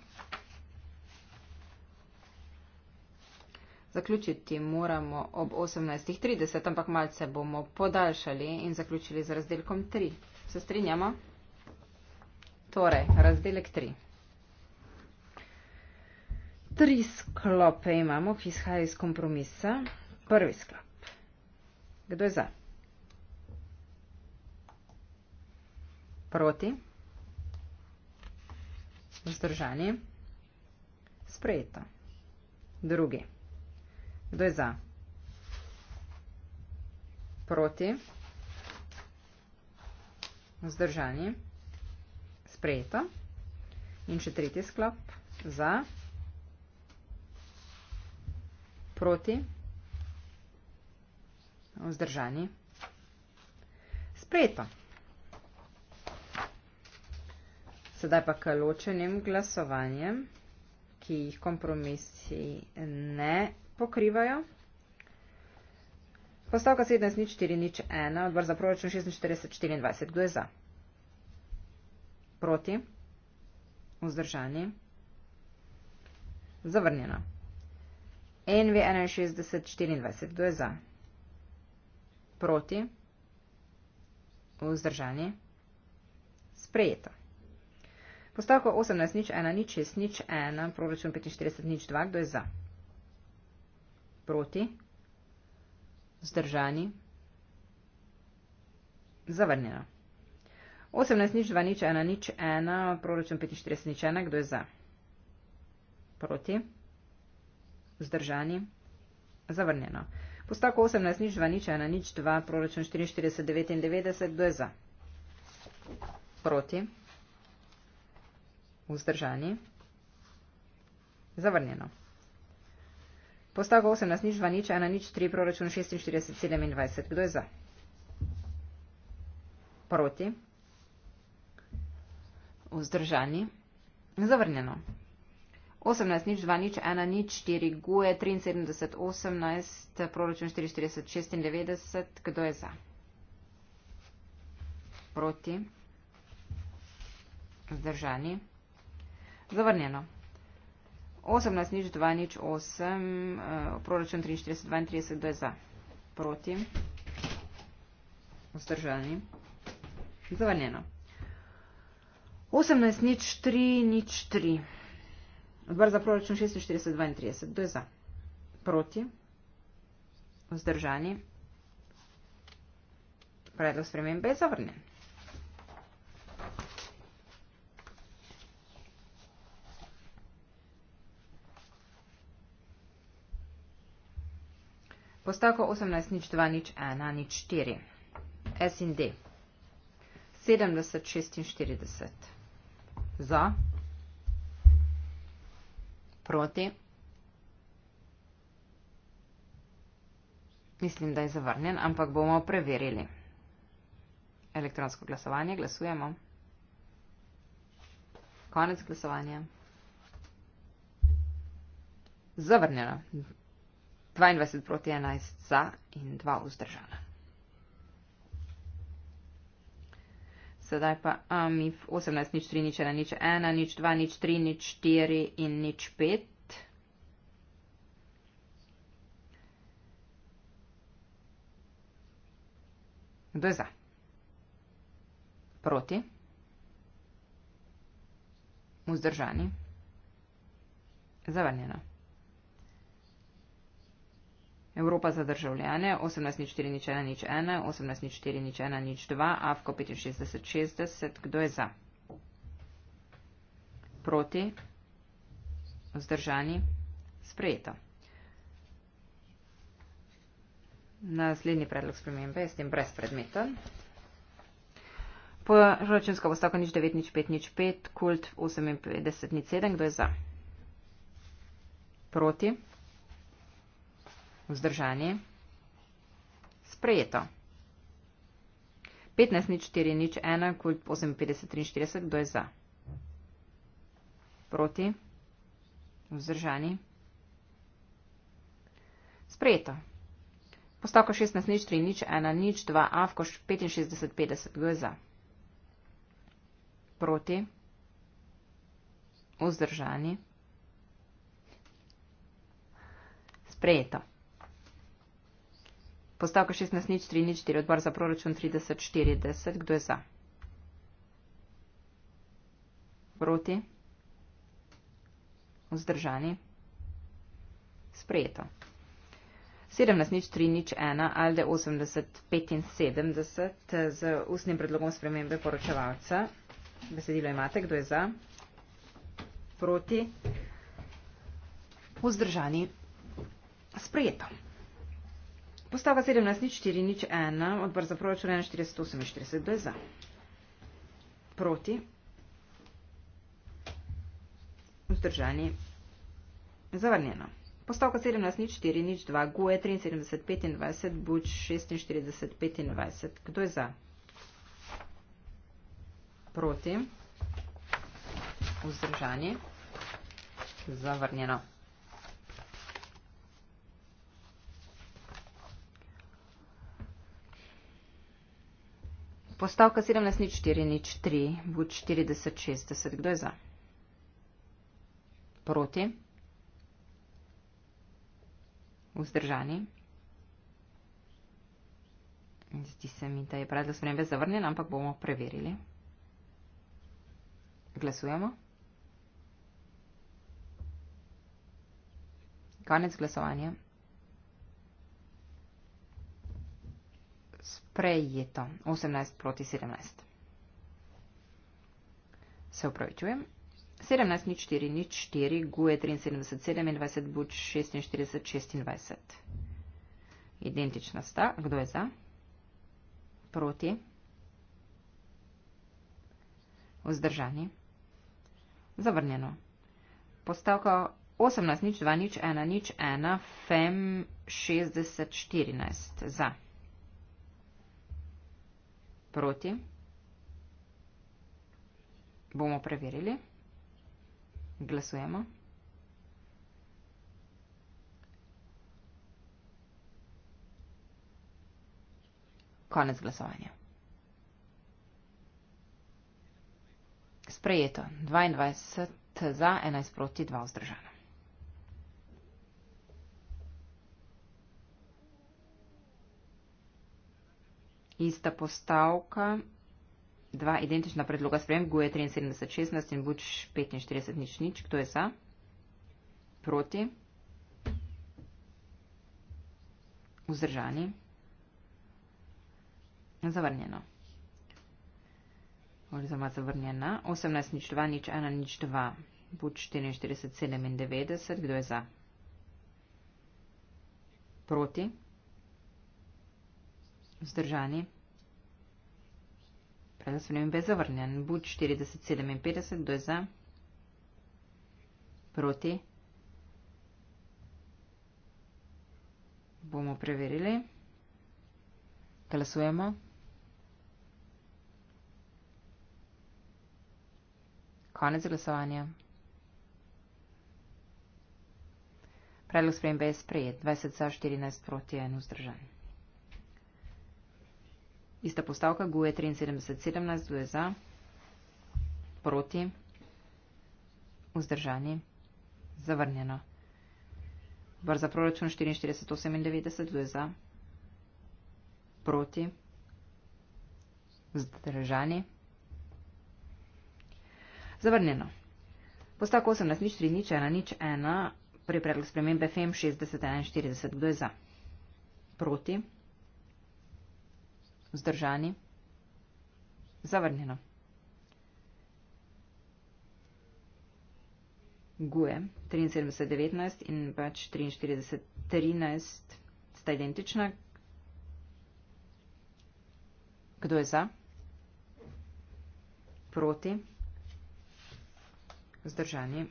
Zaključiti moramo ob 18.30, ampak malce bomo podaljšali in zaključili z razdelkom 3. Se strinjamo? Torej, razdelek 3. Tri sklope imamo, ki izhajajo iz kompromisa. Prvi sklop. Kdo je za? Proti? Vzdržani? Sprejeto. Drugi. Kdo je za? Proti? Vzdržani? Sprejeto sprejeto. In še tretji sklop za proti vzdržani. Sprejeto. Sedaj pa k ločenim glasovanjem, ki jih kompromisi ne pokrivajo. Postavka 17.04.01, odbor za proračun 46.24. Kdo je za? proti, vzdržani, zavrnjeno. NV 61, 24, kdo je za? Proti, vzdržani, sprejeto. Postavko 18, nič 1, nič 6, nič 1, proračun 45, nič 2, kdo je za? Proti, vzdržani, zavrnjeno. 18 nič 2 nič 1 nič 1, proračun 45 nič 1, kdo je za? Proti? Zdržani? Zavrnjeno. Postavko 18 nič 2 nič 1 nič 2, proračun 44 99, kdo je za? Proti? Vzdržani? Zavrnjeno. Postavko 18 nič 2 nič 1 nič 3, proračun 46 27, kdo je za? Proti? vzdržani. Zavrnjeno. 18, nič, 2, nič, 1, nič, 4, guje, 73, 18, proračun 44, 96, kdo je za? Proti. Zdržani. Zavrnjeno. 18, nič, 2, nič, 8, proračun 43, 32, kdo je za? Proti. Vzdržani. Zavrnjeno. 18 nič 3 nič 3. Odbor za proračun 642. Kdo je za? Proti? Vzdržani? Predlog spremembe je zavrnjen. Postavko 18 nič 2 nič 1 nič 4. S in D. 70 46. Za. Proti. Mislim, da je zavrnjen, ampak bomo preverili. Elektronsko glasovanje, glasujemo. Konec glasovanja. Zavrnjeno. 22 proti 11 za in 2 vzdržana. Sedaj pa um, 18, nič 3, nič 1, nič 1, nič 2, nič 3, nič 4 in nič 5. Kdo je za? Proti? Vzdržani? Zavrnjeno. Evropa za državljane 18.04.01, 18.04.01.02, AFKO 65.60, kdo je za? Proti? Vzdržani? Sprejeto. Naslednji predlog spremembe je s tem brez predmeta. Proračunska postavka nič 9, nič 5, nič 5, kult 58, nič 7, kdo je za? Proti? Vzdržanje. Sprejeto. 15 nič 4 nič 1 kult 58 43 kdo je za? Proti. Vzdržani. Sprejeto. Postavka 16 nič 3 nič 1 nič 2 a v koš 65 50 kdo je za? Proti. Vzdržani. Sprejeto. Postavka 16.03.04, odbor za proračun 30.40, kdo je za? Proti? Vzdržani? Sprejeto. 17.03.01, ALDE 80.75, z ustnim predlogom spremembe poročevalca. Besedilo imate, kdo je za? Proti? Vzdržani? Sprejeto. Postavka 17401, odbor za proračun 4148 BZ. Proti. Vzdržani. Zavrnjeno. Postavka 17402, GUE 7325, BUČ 4625. Kdo je za? Proti. Vzdržani. Zavrnjeno. Postavka 17.04.03, buď 40.60, kdo je za? Proti? Vzdržani? Zdi se mi, da je predlog spremembe zavrnjen, ampak bomo preverili. Glasujemo. Konec glasovanja. prejeto. 18 proti 17. Se upravičujem. 17 nič 4 nič 4, guje 73 27, buč 46 26. Identična sta. Kdo je za? Proti. Vzdržani. Zavrnjeno. Postavka 18 nič 2 nič 1 nič 1, fem 60 14 za. Proti. Bomo preverili. Glasujemo. Konec glasovanja. Sprejeto. 22 za, 11 proti, 2 vzdržano. ista postavka, dva identična predloga sprejem, GUE 7316 in BUČ 45 nič nič, kdo je za? Proti? Vzdržani? Zavrnjeno. Oziroma zavrnjena. 18 nič 2 nič 1 nič 2, BUČ 44 97, kdo je za? Proti? Vzdržani. Predstavljam bez zavrnjen. Buď 4057, kdo je za? Proti. Bomo preverili. Glasujemo. Konec glasovanja. Predlog sprejembe je sprejet. 20 za 14 proti 1 vzdržanje. Ista postavka GUE 7317 GUE za, proti, vzdržani, zavrnjeno. Bar za proračun 4498 GUE za, proti, vzdržani, zavrnjeno. Postavka 18 nič 3 nič 1 nič 1 pri predlog spremembe FEM 6041 GUE za, proti, vzdržani. Vzdržani. Zavrnjeno. Guje, 73.19 in pač 43.13 sta identična. Kdo je za? Proti. Vzdržani.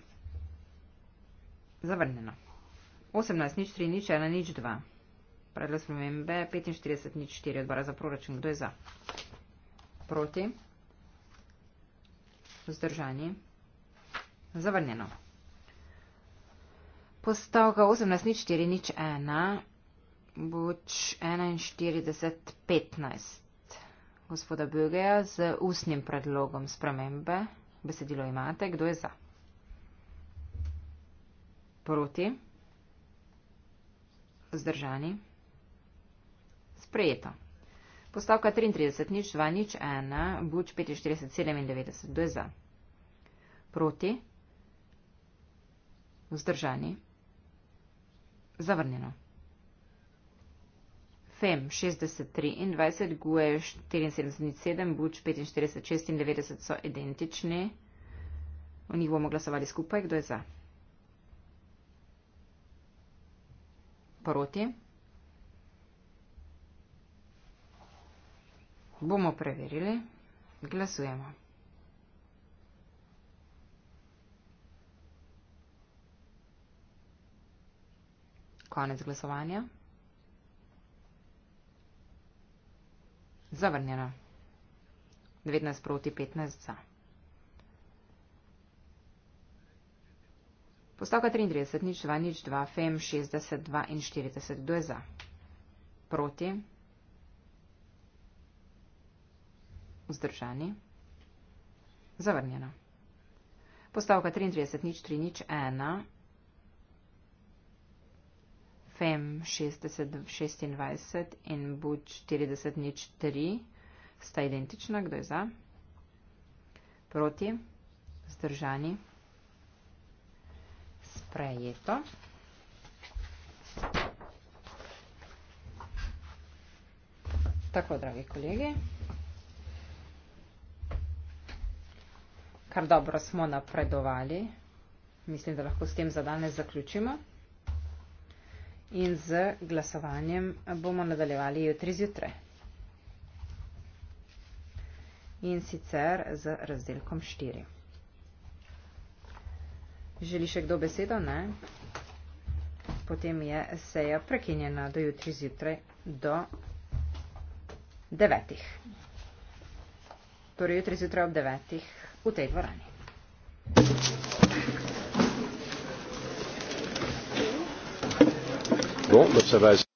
Zavrnjeno. 18.03.01.02. Predlog spremembe 45 nič 4 odbora za proračun. Kdo je za? Proti? Vzdržani? Zavrnjeno. Postavka 18 nič 4 nič 1. Buč 41 15. Gospoda Bögeja z usnim predlogom spremembe. Besedilo imate. Kdo je za? Proti? Vzdržani? Zavrnjeno sprejeto. Postavka 33, nič 2, nič 1, buč 45, 97, kdo je za? Proti? Vzdržani? Zavrnjeno. Fem 63, guje 74, nič 7, buč 45, 96 so identični. O njih bomo glasovali skupaj, kdo je za? Proti? Bomo preverili. Glasujemo. Konec glasovanja. Zavrnjeno. 19 proti 15 za. Postavka 33, nič 2, nič 2, FEM 60, 42, kdo je za? Proti. vzdržani. Zavrnjeno. Postavka 33 nič 3 nič 1. Fem 60, 26 in buč 40 nič 3 sta identična. Kdo je za? Proti. Zdržani. Sprejeto. Tako, dragi kolegi. kar dobro smo napredovali. Mislim, da lahko s tem za danes zaključimo. In z glasovanjem bomo nadaljevali jutri zjutraj. In sicer z razdelkom 4. Želi še kdo besedo? Ne. Potem je seja prekinjena do jutri zjutraj do devetih torej jutri zjutraj ob devetih v tej dvorani. Bon,